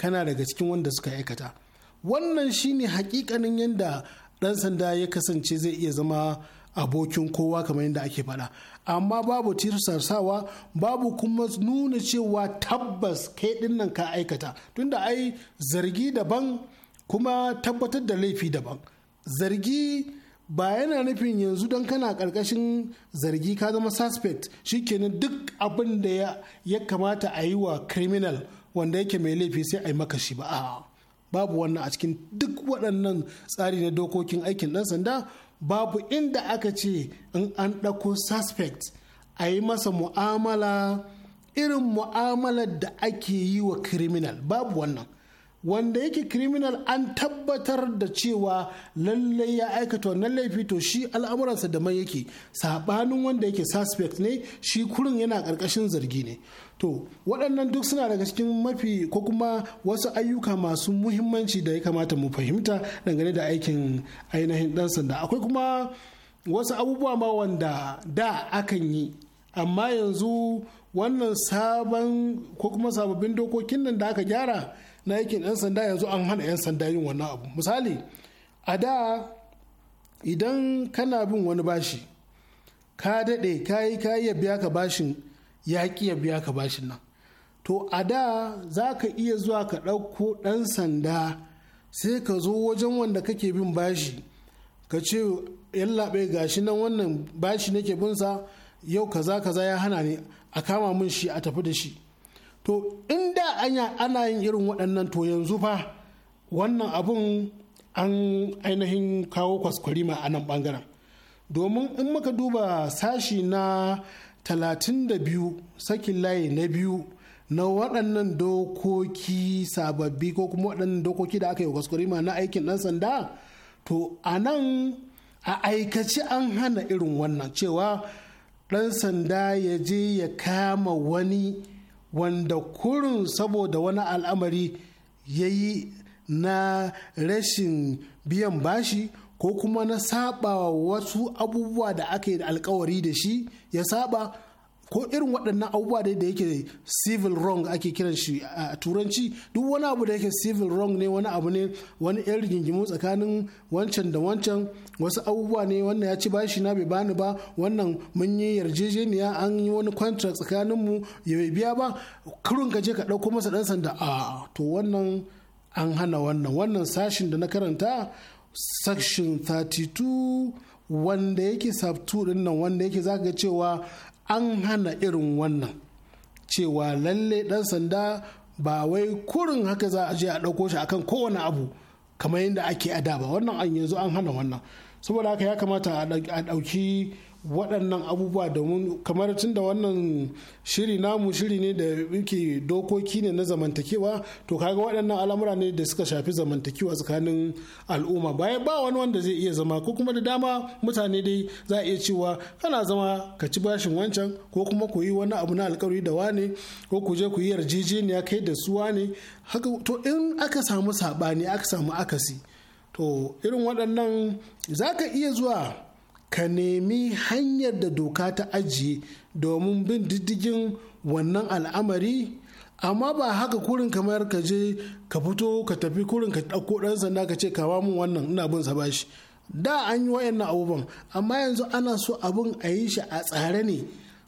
kana daga cikin wanda suka aikata wannan shine hakikanin yadda ɗan sanda ya kasance zai iya zama abokin kowa kamar yadda ake faɗa amma babu sawa babu kuma nuna cewa tabbas kai dinnan ka aikata tunda ai zargi daban kuma tabbatar da laifi daban zargi ba yana nufin yanzu don kana karkashin zargi ka zama suspect shikenan duk abin da ya kamata a yi wa criminal wanda yake mai laifi sai a yi maka shi ba babu wannan a cikin duk waɗannan tsari na dokokin aikin ɗan sanda babu inda aka ce in an ɗako suspect a yi masa mu'amala irin mu'amalar da ake yi wa criminal babu wannan wanda yake criminal an tabbatar da cewa lallai ya aikata wannan laifi to shi al'amuransa da mai yake sabanin wanda yake suspect ne shi kurin yana karkashin zargi ne to waɗannan duk suna daga cikin mafi ko kuma wasu ayyuka masu muhimmanci da ya kamata mu fahimta dangane da aikin ainihin ɗan sanda akwai kuma wasu abubuwa ma wanda da akan yi amma yanzu wannan sabon ko kuma sababbin dokokin nan da aka gyara na aikin 'yan sanda yanzu an hana 'yan sanda yin wannan abu misali a da idan kana bin wani bashi ka daɗe kayi kayi ya biya ka bashin ya ki ya biya ka bashin nan to a da za ka iya zuwa ka ɗauko ɗan sanda sai ka zo wajen wanda kake bin bashi ka ce yallaɓe gashi nan wannan bashi nake bin sa yau kaza kaza ya hana ni a kama min shi a tafi da shi to inda ana yin irin waɗannan to yanzu fa wannan abun an ainihin kawo kwaskwarima a nan ɓangaren domin in muka duba sashi na 32 sakin layi na biyu na waɗannan dokoki sababbi ko kuma waɗannan dokoki da aka yi kwaskwarima na aikin ɗan sanda to a nan a aikaci an hana irin wannan cewa ɗan sanda ya je ya kama wani wanda kurin saboda wani al'amari ya yi na rashin biyan bashi ko kuma na saba wasu abubuwa da aka yi alkawari da shi ya saba ko irin waɗannan abubuwa dai da yake civil wrong ake kiran shi a turanci duk wani abu da yake civil wrong ne wani abu ne wani yan rigingimu tsakanin wancan da wancan wasu abubuwa ne wannan ya ci bashi na bai bani ba wannan mun yi yarjejeniya an yi wani contract tsakanin mu ya bai biya ba kurun ka je ka ɗauko masa ɗan sanda a to wannan an hana wannan wannan sashin da na karanta section 32 wanda yake sub 2 nan wanda yake zaka cewa an hana irin wannan cewa lalle ɗan sanda ba wai kurin haka za a je a ɗauko shi akan kowane abu kamar yadda ake a da ba wannan an yanzu an hana wannan saboda haka ya kamata a ɗauki waɗannan abubuwa domin kamar tun da wannan shiri namu shiri ne da yake dokoki ne na zamantakewa to kaga waɗannan al'amura ne da suka shafi zamantakewa tsakanin al'umma bayan ba wani wanda zai iya zama ko kuma da dama mutane dai za a iya cewa kana zama ka ci bashin wancan ko kuma ku yi wani abu na alkawari da wane ko ku je ku yi yarjejeniya kai da su wane haka to in aka samu saɓani aka samu akasi to irin waɗannan za ka iya zuwa ka nemi hanyar da doka ta ajiye domin bin diddigin wannan al'amari amma ba haka kurin kamar ka je ka fito ka tafi kurin ka ɗauko ɗan sanda ka ce kawo mun wannan ina bin sa bashi da an yi wayannan abubuwan amma yanzu ana so abin a yi shi a tsare ne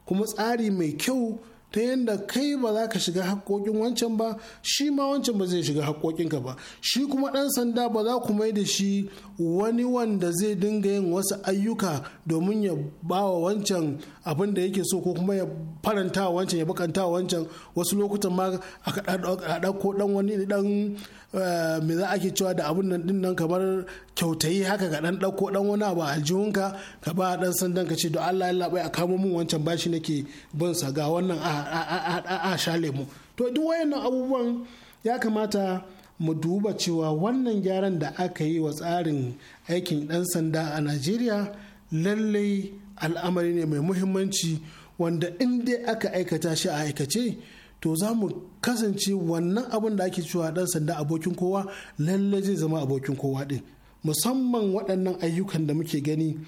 kuma tsari mai kyau ta yadda kai ba za ka shiga haƙoƙin wancan ba shi ma wancan ba zai shiga ka ba shi kuma ɗan sanda ba za ku mai da shi wani wanda zai dinga yin wasu ayyuka domin ya bawa wa wancan abin da yake so ko kuma ya faranta wancan ya bakanta wancan wasu lokutan ma a ɗauko ɗan wani ɗan eh, me za ake cewa da abin nan ɗin nan kamar kyautayi haka ga dan dauko dan wani abu aljihunka ka ba dan sandan ka ce don Allah Allah bai a kamo min wancan bashi nake bin sa ga wannan a a sha lemu to duk wayannan abubuwan ya kamata mu duba cewa wannan gyaran da aka yi wa tsarin aikin dan sanda a Najeriya lallai al'amari ne mai muhimmanci wanda in dai aka aikata shi a aikace to za mu kasance wannan abin da ake cewa dan sanda abokin kowa lalle zai zama abokin kowa din musamman waɗannan ayyukan da muke gani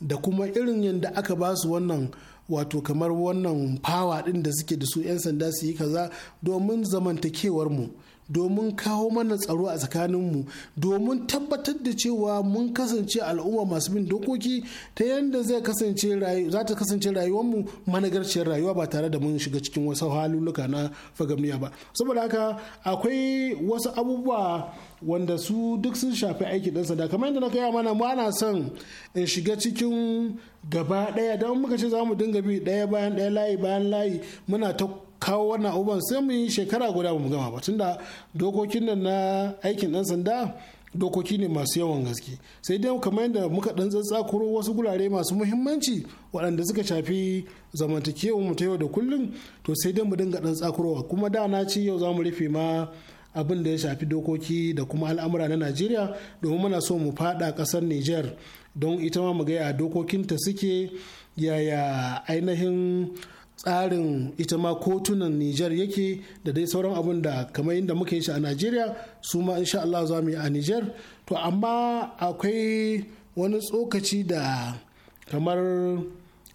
da kuma irin yadda aka ba su wannan wato kamar wannan fawa ɗin da suke da su 'yan sanda su yi kaza domin zamantakewar mu domin kawo mana tsaro a tsakaninmu domin tabbatar da cewa mun kasance al'umma masu bin dokoki ta yadda zai kasance za ta kasance rayuwarmu managarciyar rayuwa ba tare da mun shiga cikin wasu haluluka na fagamiya ba saboda haka akwai wasu abubuwa wanda su duk sun shafi aiki ɗan sanda kamar yadda na kai mana mu ana son in shiga cikin gaba ɗaya don muka ce za mu dinga bi ɗaya bayan ɗaya layi bayan layi muna ta kawo wannan abubuwan sai mu yi shekara guda ba mu gama ba tunda dokokin nan na aikin dan sanda dokoki ne masu yawan gaske sai dai kamar yadda muka dan tsatsakuro wasu gurare masu muhimmanci waɗanda suka shafi zamantakewar mu ta yau da kullum to sai dai mu dinga dan tsakurowa kuma da na ci yau za mu rufe ma abin da ya shafi dokoki da kuma al'amura na najeriya domin muna so mu fada kasar niger don ita ma mu ga ya dokokinta suke yaya ainihin tsarin ita ma kotunan Nijar yake da dai sauran abun da kamar yadda muka yi shi a Najeriya su ma insha Allah za mu yi a Nijar to amma akwai wani tsokaci da kamar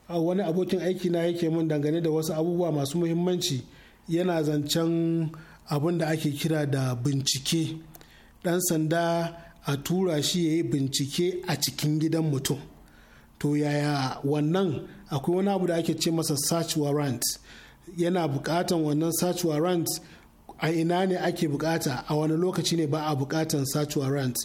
wani abokin aiki na yake mun dangane da wasu abubuwa masu muhimmanci yana zancen abun da ake kira da bincike ɗan sanda a tura shi ya yi bincike a cikin gidan mutum to yaya wannan akwai wani abu da ake ce masa search warrant yana bukatan wannan search warrant a ina ne ake bukata a wani lokaci ne ba a bukatan search warrant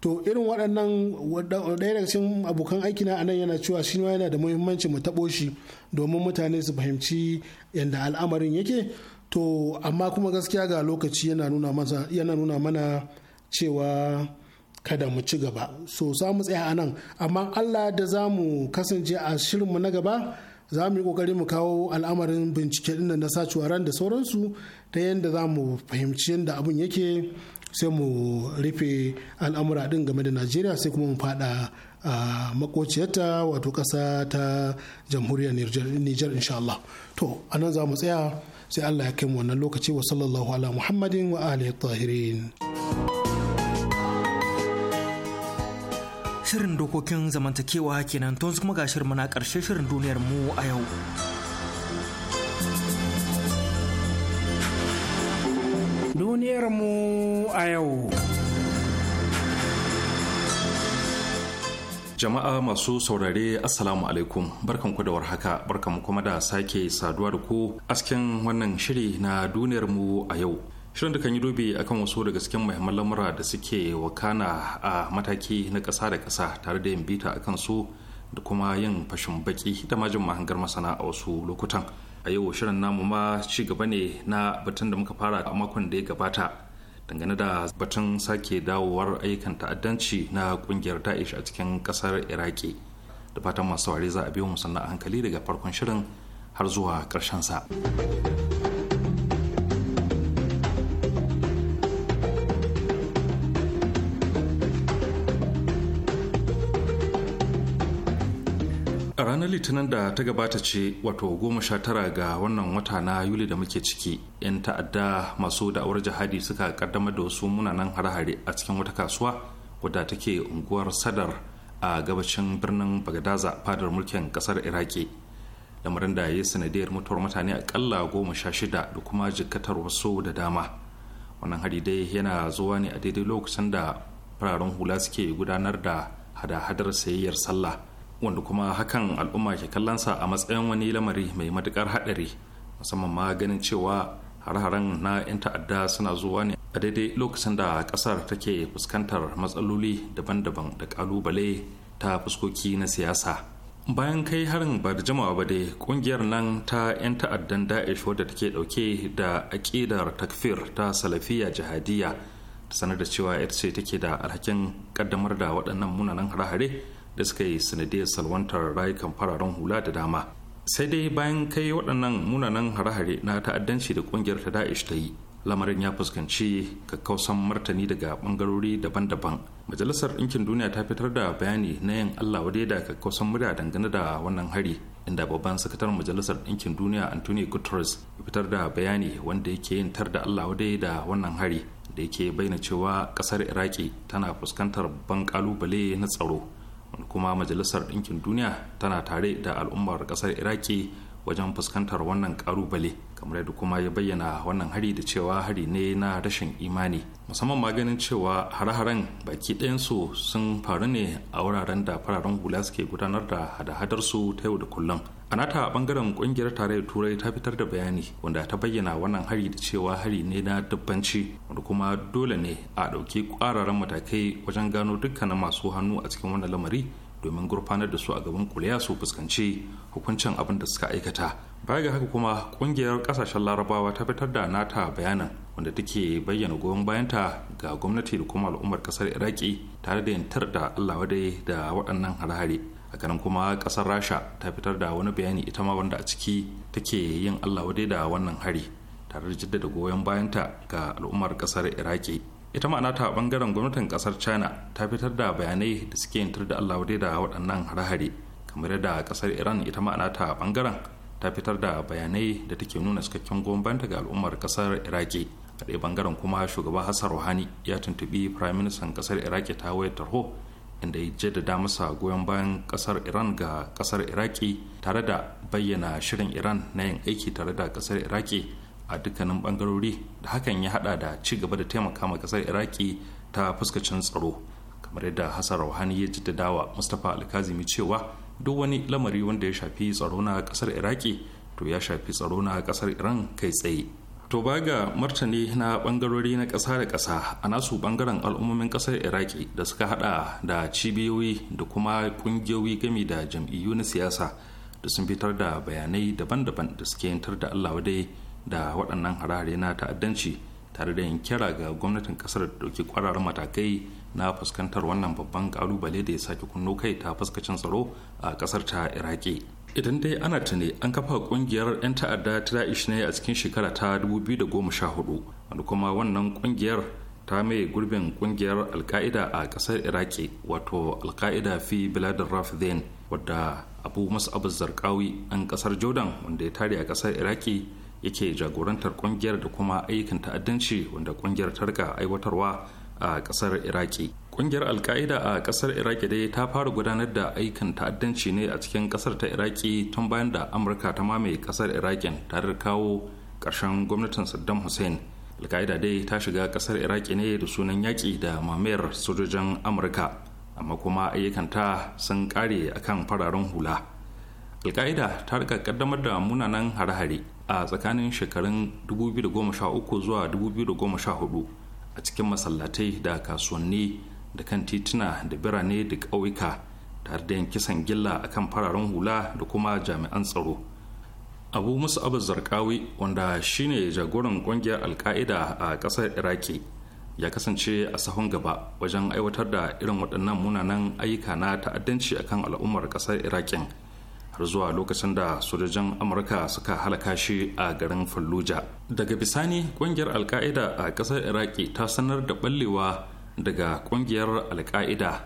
to irin waɗannan ɗaya daga cikin abokan aiki na anan yana cewa shi yana da muhimmanci mu taɓo shi domin mutane su fahimci yadda al'amarin yake to amma kuma gaskiya ga lokaci yana nuna mana cewa kada mu ci gaba so za mu tsaya a nan amma allah da za mu kasance a shirinmu na gaba za mu yi kokari mu kawo al'amarin bincike din na ran da sauransu ta yadda za mu fahimci yadda abin yake sai mu rufe al'amura din game da najeriya sai kuma mu fada a makociyarta wato ƙasa ta jamhuriyar nijar insha Allah to a nan za mu tsaya sai allah ya kai mu wannan lokaci wa sallallahu ala muhammadin wa alihi tahirin Shirin dokokin zamantakewa kenan tun kuma ga shirin mana karshe shirin duniyar mu a yau. Duniyar mu a yau. Jama'a masu saurare Assalamu alaikum barkan ku da warhaka barkan kuma da sake saduwa da ku a wannan shiri na duniyar mu a yau. shirin da kan yi dubi akan wasu daga cikin muhimman lamura da suke wakana a mataki na ƙasa da ƙasa tare da yin bita akan su da kuma yin fashin baki da majin mahangar masana a wasu lokutan a yau shirin namu ma ci gaba ne na batun da muka fara a makon da ya gabata dangane da batun sake dawowar ayyukan ta'addanci na kungiyar da'ish a cikin kasar iraki da fatan masu saurari za a biyo musanna a hankali daga farkon shirin har zuwa karshen sa. litinin da ta gabata ce wato goma sha tara ga wannan wata na yuli da muke ciki yan ta'adda masu da'awar jihadi suka kaddamar da wasu munanan hare-hare a cikin wata kasuwa wadda take unguwar sadar a gabashin birnin bagadaza fadar mulkin kasar iraki lamarin da ya sanadiyar mutuwar mutane akalla goma sha shida da kuma jikatar wasu da dama wannan hari dai yana zuwa ne a daidai lokacin da fararen hula suke gudanar da hada-hadar sayayyar sallah wanda kuma hakan al'umma ke kallonsa a matsayin wani lamari mai matukar haɗari musamman ma ganin cewa har-haren na 'yan ta'adda suna zuwa ne a daidai lokacin da ƙasar take fuskantar matsaloli daban-daban da ƙalubale ta fuskoki na siyasa bayan kai harin ba da jimawa ba dai kungiyar nan ta 'yan ta'addan da'ish wadda take dauke da aƙidar takfir ta salafiya jihadiyya ta sanar da cewa ita ce take da alhakin kaddamar da waɗannan munanan hare-hare da suka yi sanadiyar salwantar rayukan fararen hula da dama sai dai bayan kai waɗannan munanan hare-hare na ta'addanci da ƙungiyar ta da'ish ta yi lamarin ya fuskanci kakkausan martani daga ɓangarori daban-daban majalisar ɗinkin duniya ta fitar da bayani na yin allah wadai da kakkausan murya dangane da wannan hari inda babban sakatar majalisar ɗinkin duniya antony guterres ya fitar da bayani wanda yake yin tar da allah wadai da wannan hari da yake bayyana cewa ƙasar iraki tana fuskantar babban ƙalubale na tsaro kuma majalisar ɗinkin duniya tana tare da al'ummar ƙasar iraki wajen fuskantar wannan ƙarubale kamar yadda kuma ya bayyana wannan hari da cewa hari ne na rashin imani musamman maganin cewa hare-haren baki ɗayansu sun faru ne a wuraren da fararen hula suke gudanar da hada-hadarsu ta yau da kullum a nata bangaren kungiyar tarayyar turai ta fitar da bayani wanda ta bayyana wannan hari da cewa hari ne na dabbanci wanda kuma dole ne a ɗauki ƙwararren matakai wajen gano dukkanin masu hannu a cikin wannan lamari domin gurfanar da su a gaban kuliya su fuskanci hukuncin abin da suka aikata baya ga haka kuma kungiyar kasashen larabawa ta fitar da nata bayanin wanda take bayyana goyon bayanta ga gwamnati da kuma al'ummar kasar iraki tare da yantar da allah wadai da waɗannan hare-hare nan kuma kasar rasha ta fitar da wani bayani ita ma wanda a ciki take yin allah wadai da wannan hari tare da jaddada goyon bayanta ga al'ummar kasar iraki ita ma'ana ta bangaren gwamnatin kasar china ta fitar da bayanai da suke yantar da allah wadai da waɗannan hare-hare kamar yadda kasar iran ita ma'anata ta bangaren ta fitar da bayanai da take nuna cikakken goyon bayanta ga al'ummar kasar iraki a ɗaya bangaren kuma shugaba hassan ruhani ya tuntubi firayim Ministan kasar iraki ta wayar tarho inda ya jaddada masa goyon bayan kasar iran ga kasar iraki tare da bayyana shirin iran na yin aiki tare da kasar iraki a dukkanin bangarori da hakan ya hada da ci gaba da taimaka ma kasar iraki ta fuskacin tsaro kamar yadda hassan rauhani ya jaddada wa mustapha alkazimi cewa duk wani lamari wanda ya shafi tsaro na kasar iraki to ya shafi tsaro na kasar iran kai tsaye to ga martani na bangarori na ƙasa da ƙasa a nasu bangaren al'ummomin ƙasar iraki da suka hada da cibiyoyi da kuma ƙungiyoyi gami da jam'iyyu na siyasa da sun fitar da bayanai daban-daban da suke yantar da allah wadai da waɗannan harare na ta'addanci tare da yin kira ga gwamnatin ƙasar da ɗauki kwararren matakai na fuskantar wannan babban ƙalubale da ya sake kunno kai ta fuskacin tsaro a ƙasar ta iraki idan dai ana tuni an kafa kungiyar 'yan ta'adda ta da'ish ne a cikin shekara ta 2014 wanda kuma wannan kungiyar ta mai gurbin kungiyar alka'ida a kasar iraki wato alka'ida fi biladar rafidin wadda abu masu abu zarkawi an kasar jordan wanda ya tare a kasar iraki yake jagorantar kungiyar da kuma ayyukan ta'addanci wanda kungiyar ta rika aiwatarwa a kasar iraki kungiyar alka'ida a kasar iraki dai ta fara gudanar da aikin ta'addanci ne a cikin kasar ta iraki tun bayan da amurka ta mamaye kasar irakin tare da kawo ƙarshen gwamnatin saddam hussein alka'ida dai ta shiga kasar iraki ne da sunan yaƙi da mamayar sojojin amurka amma kuma ayyukanta sun ƙare akan fararen hula alka'ida ta rika kaddamar da munanan hare-hare a tsakanin shekarun 2013 zuwa 2014 a cikin masallatai da kasuwanni da kan tituna da birane da ƙauyuka tare da yin kisan gilla a kan fararen hula da kuma jami'an tsaro abu musu abu zarkawi wanda shine jagoran ƙungiyar alka'ida a ƙasar iraki ya kasance a sahun gaba wajen aiwatar da irin waɗannan munanan ayyuka na ta'addanci akan al'ummar ƙasar iraƙin har zuwa lokacin da sojojin amurka suka halaka shi a garin fallujah daga bisani kungiyar alka'ida a kasar iraki ta sanar da ballewa daga kungiyar alka'ida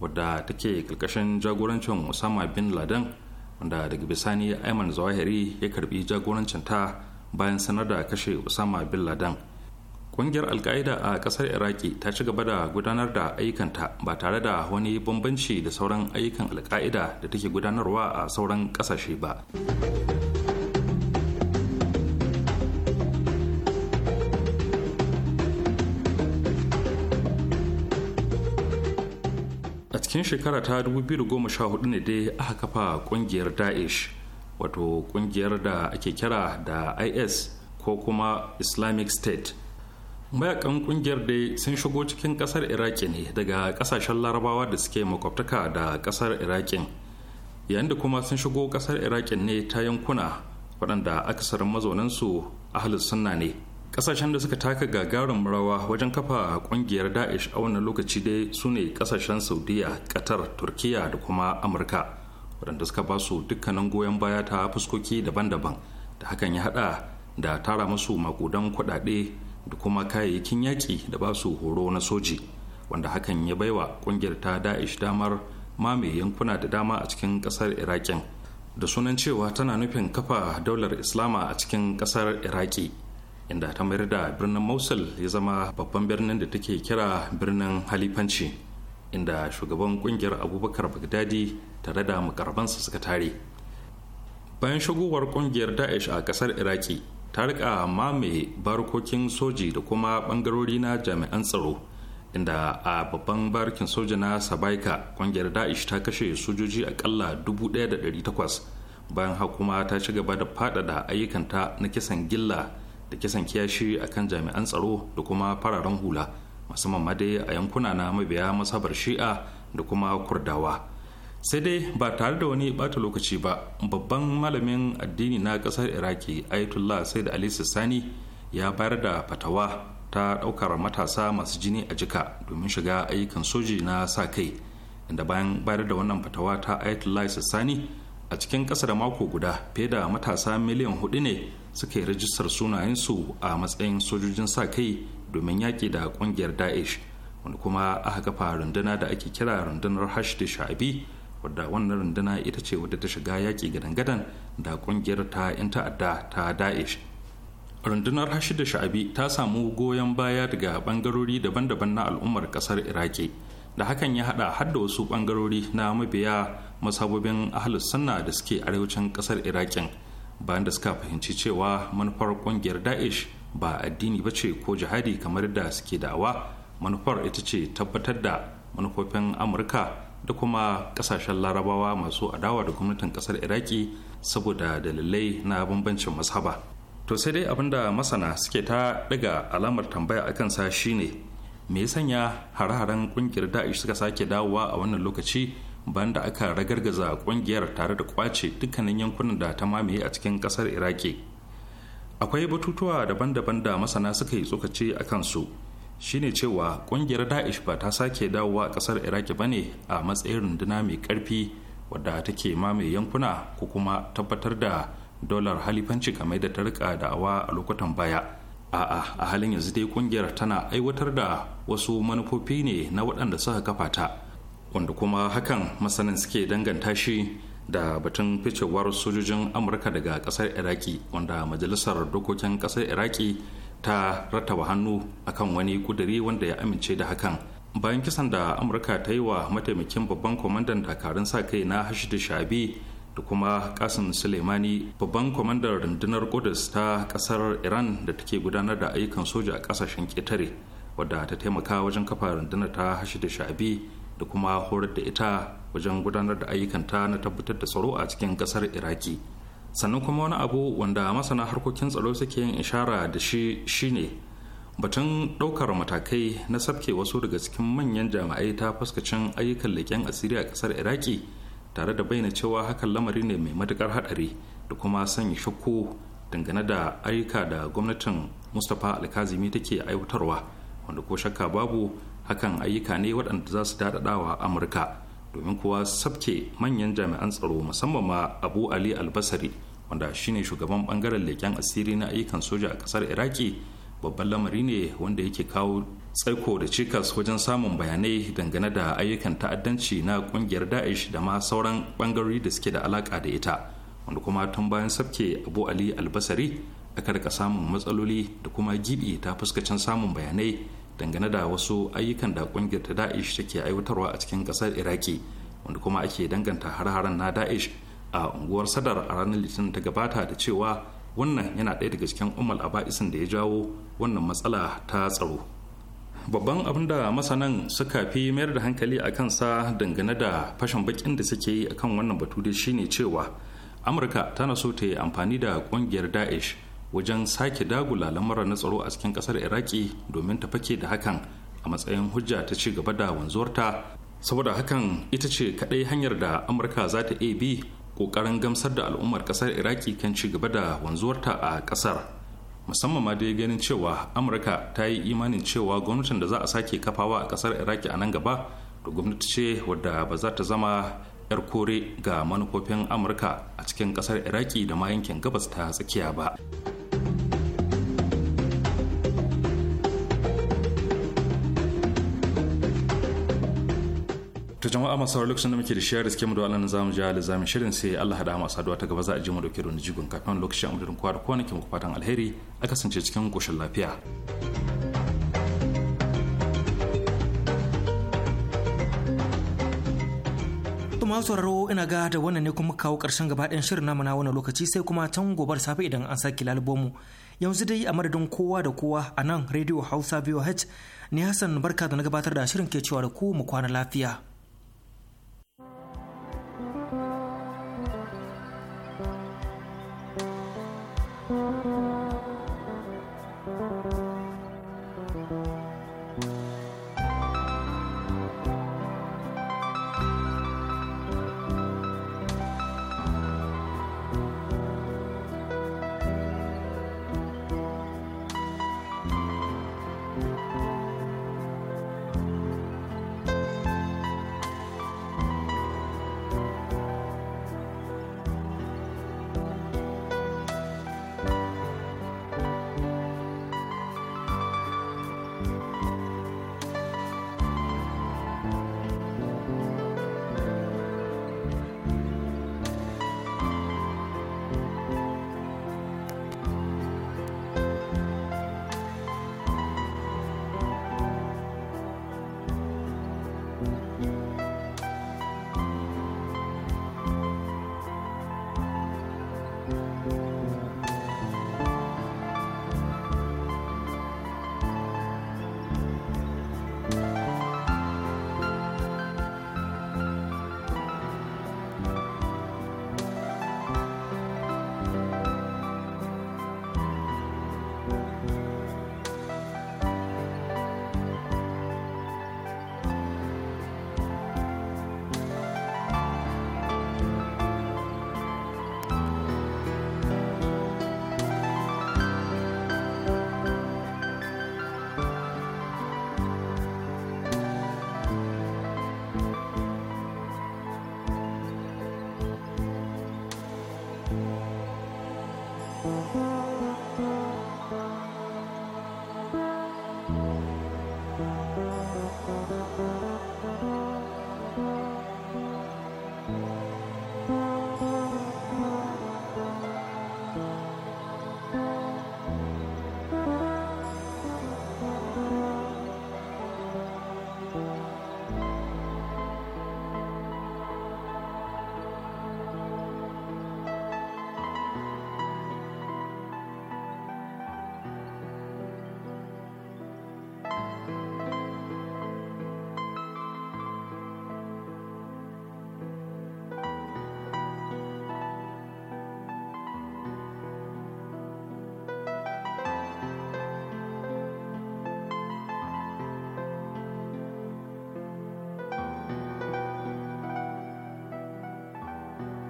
wadda take karkashin jagorancin usama bin laden wanda daga bisani ayman zawahiri ya karbi jagorancinta bayan sanar da kashe usama bin laden kungiyar alka'ida a kasar iraki ta ci gaba da gudanar da ayyukanta ba tare da wani bambanci da sauran ayyukan alka'ida da take gudanarwa a sauran kasashe ba a cikin shekara ta 2014 ne dai aka kafa kungiyar daesh wato kungiyar da ake kira da is ko kuma islamic state mayakan kungiyar dai sun shigo cikin kasar iraki ne daga kasashen larabawa da suke makwabtaka da kasar irakin yayin da kuma sun shigo kasar iraki ne ta yankuna waɗanda akasarin mazaunansu ahalus sunna ne kasashen da suka taka gagarin rawa wajen kafa kungiyar da'ish a wannan lokaci dai su ne kasashen saudiya qatar turkiya da kuma amurka waɗanda suka ba su dukkanin goyon baya ta fuskoki daban-daban da hakan ya haɗa da tara musu makudan kuɗaɗe da kuma kayayyakin yaƙi da ba su horo na soji wanda hakan ya baiwa ƙungiyar ta da'ish damar mamaye yankuna da dama a cikin ƙasar iraƙin da sunan cewa tana nufin kafa daular islama a cikin ƙasar iraki inda ta mayar da birnin mosul ya zama babban birnin da take kira birnin halifanci inda shugaban ƙungiyar abubakar bagdadi tare da mukarbansa suka tare bayan shigowar ƙungiyar da'ish a ƙasar iraki ta rika mamaye barkokin soji da kuma bangarori na jami'an tsaro inda a babban barkin soja na sabaika kungiyar da'ish ta kashe sojoji akalla 1,800 bayan hakuma ta ci gaba da faɗaɗa ayyukanta na kisan gilla da kisan kiyashi kan jami'an tsaro da kuma fararen hula musamman ma dai a yankuna na mabiya masabar shi'a da kuma kurdawa sai dai ba tare da wani bata lokaci ba babban malamin addini na kasar iraki ayatollah sai da ali sani ya bayar da fatawa ta daukar matasa masu jini a jika domin shiga ayyukan soji na sa kai inda bayan bayar da wannan fatawa ta ayatollah sani a cikin ƙasa da mako guda fiye da matasa miliyan hudu ne suka yi rajistar sunayensu a matsayin sojojin sa kai domin yaƙi da ƙungiyar daesh wani kuma aka kafa runduna da ake kira rundunar hash da sha'abi wadda wannan runduna ita ce wadda ta shiga yaƙi gadan-gadan da ƙungiyar ta 'yan ta'adda ta daesh rundunar hashi da sha'abi ta samu goyon baya daga bangarori daban-daban na al'ummar ƙasar iraki da hakan ya haɗa har da wasu bangarori na mabiya masababin ahalus sunna da suke arewacin ƙasar iraki bayan da suka fahimci cewa manufar ƙungiyar daesh ba addini ba ce ko jihadi kamar da suke da'awa manufar ita ce tabbatar da manufofin amurka da kuma kasashen larabawa masu adawa da gwamnatin kasar iraki saboda dalilai na bambancin mazhaba to sai dai abinda masana suke ta daga alamar tambaya a kansa shine me ya sanya hare-haren kungiyar da'ish suka sake dawowa a wannan lokaci bayan da aka ragargaza kungiyar tare da kwace dukkanin yankunan da ta mamaye a cikin kasar iraki akwai batutuwa daban-daban da masana suka yi tsokaci a kansu shine cewa kungiyar Daesh ba ta sake dawowa kasar iraki ba ne a matsayin runduna mai karfi wadda take mamaye yankuna ko kuma tabbatar da dolar halifanci game da ta rika da'awa a lokutan baya a'a a halin yanzu dai kungiyar tana aiwatar da wasu manufofi ne na waɗanda suka kafa ta wanda kuma hakan masanin suke danganta shi da batun ficewar sojojin amurka daga ƙasar iraki wanda majalisar dokokin Ƙasar iraki ta rattaba hannu akan wani kuduri wanda ya amince da hakan bayan kisan da amurka ta yi wa mataimakin babban kwamandan dakarun sa kai na hashidu shabi da kuma kasim suleimani babban kwamandan rundunar kudus ta kasar iran da take gudanar da ayyukan soja a kasashen ketare wadda ta taimaka wajen kafa rundunar ta hashidu shabi da kuma horar da ita wajen gudanar da ayyukanta na tabbatar da tsaro a cikin kasar iraki sannan kuma wani abu wanda masana harkokin tsaro suke yin ishara da shi shine batun ɗaukar matakai na sabke wasu daga cikin manyan jami'ai ta fuskacin ayyukan leƙen asiri a ƙasar iraki tare da bayyana cewa hakan lamari ne mai matuƙar haɗari da kuma sanya shakku dangane da ayyuka da gwamnatin mustapha alkazimi take aiwatarwa wanda ko shakka babu hakan ayyuka ne waɗanda za su daɗaɗa wa amurka domin kuwa sabke manyan jami'an tsaro musamman ma abu ali albasari wanda shine shugaban bangaren leken asiri na ayyukan soja a kasar iraki babban lamari ne wanda yake kawo tsaiko da cikas wajen samun bayanai dangane da ayyukan ta'addanci na kungiyar da'ish da ma sauran bangarori da suke da alaka da ita wanda kuma tun bayan sabke abu ali albasari aka rika samun matsaloli da kuma gibi ta fuskacin samun bayanai dangane da wasu ayyukan da kungiyar ta da'ish take aiwatarwa a cikin kasar iraki wanda kuma ake danganta har-haren na da'ish a unguwar sadar a ranar litinin ta gabata da cewa wannan yana ɗaya daga cikin umar aba'isin da ya jawo wannan matsala ta tsaro babban abin da masanan suka fi mayar da hankali a kansa dangane da fashin bakin da suke yi akan wannan batu dai shine cewa amurka tana so ta yi amfani da kungiyar da'ish wajen sake dagula lamura na tsaro a cikin kasar iraki domin ta fake da hakan a matsayin hujja ta ci gaba da wanzuwarta saboda hakan ita ce kadai hanyar da amurka za ta iya bi ƙoƙarin gamsar da al'ummar ƙasar iraki kan ci gaba da wanzuwarta a ƙasar musamman ma dai ganin cewa amurka ta yi imanin cewa gwamnatin da za a sake kafawa a ƙasar iraki a nan gaba da gwamnati ce wadda ba za ta zama yar kore ga manufofin amurka a cikin ƙasar iraki da ma yankin gabas ta tsakiya ba. to jama'a masu sauraron lokacin da muke da shiyar riske mu da wannan zamu ji da zamu shirin sai Allah hada masu saduwa ta gaba za a ji mu dauke da wani jigon kafin lokacin kwara kwa da ke mu fatan alheri a kasance cikin koshin lafiya. ma sauraro ina ga da wannan ne kuma kawo ƙarshen gaba shirin namu na wannan lokaci sai kuma can gobar safe idan an sake lalbomu yanzu dai a madadin kowa da kowa a nan radio hausa voh ne hassan barka da na gabatar da shirin ke cewa da ku mu kwana lafiya.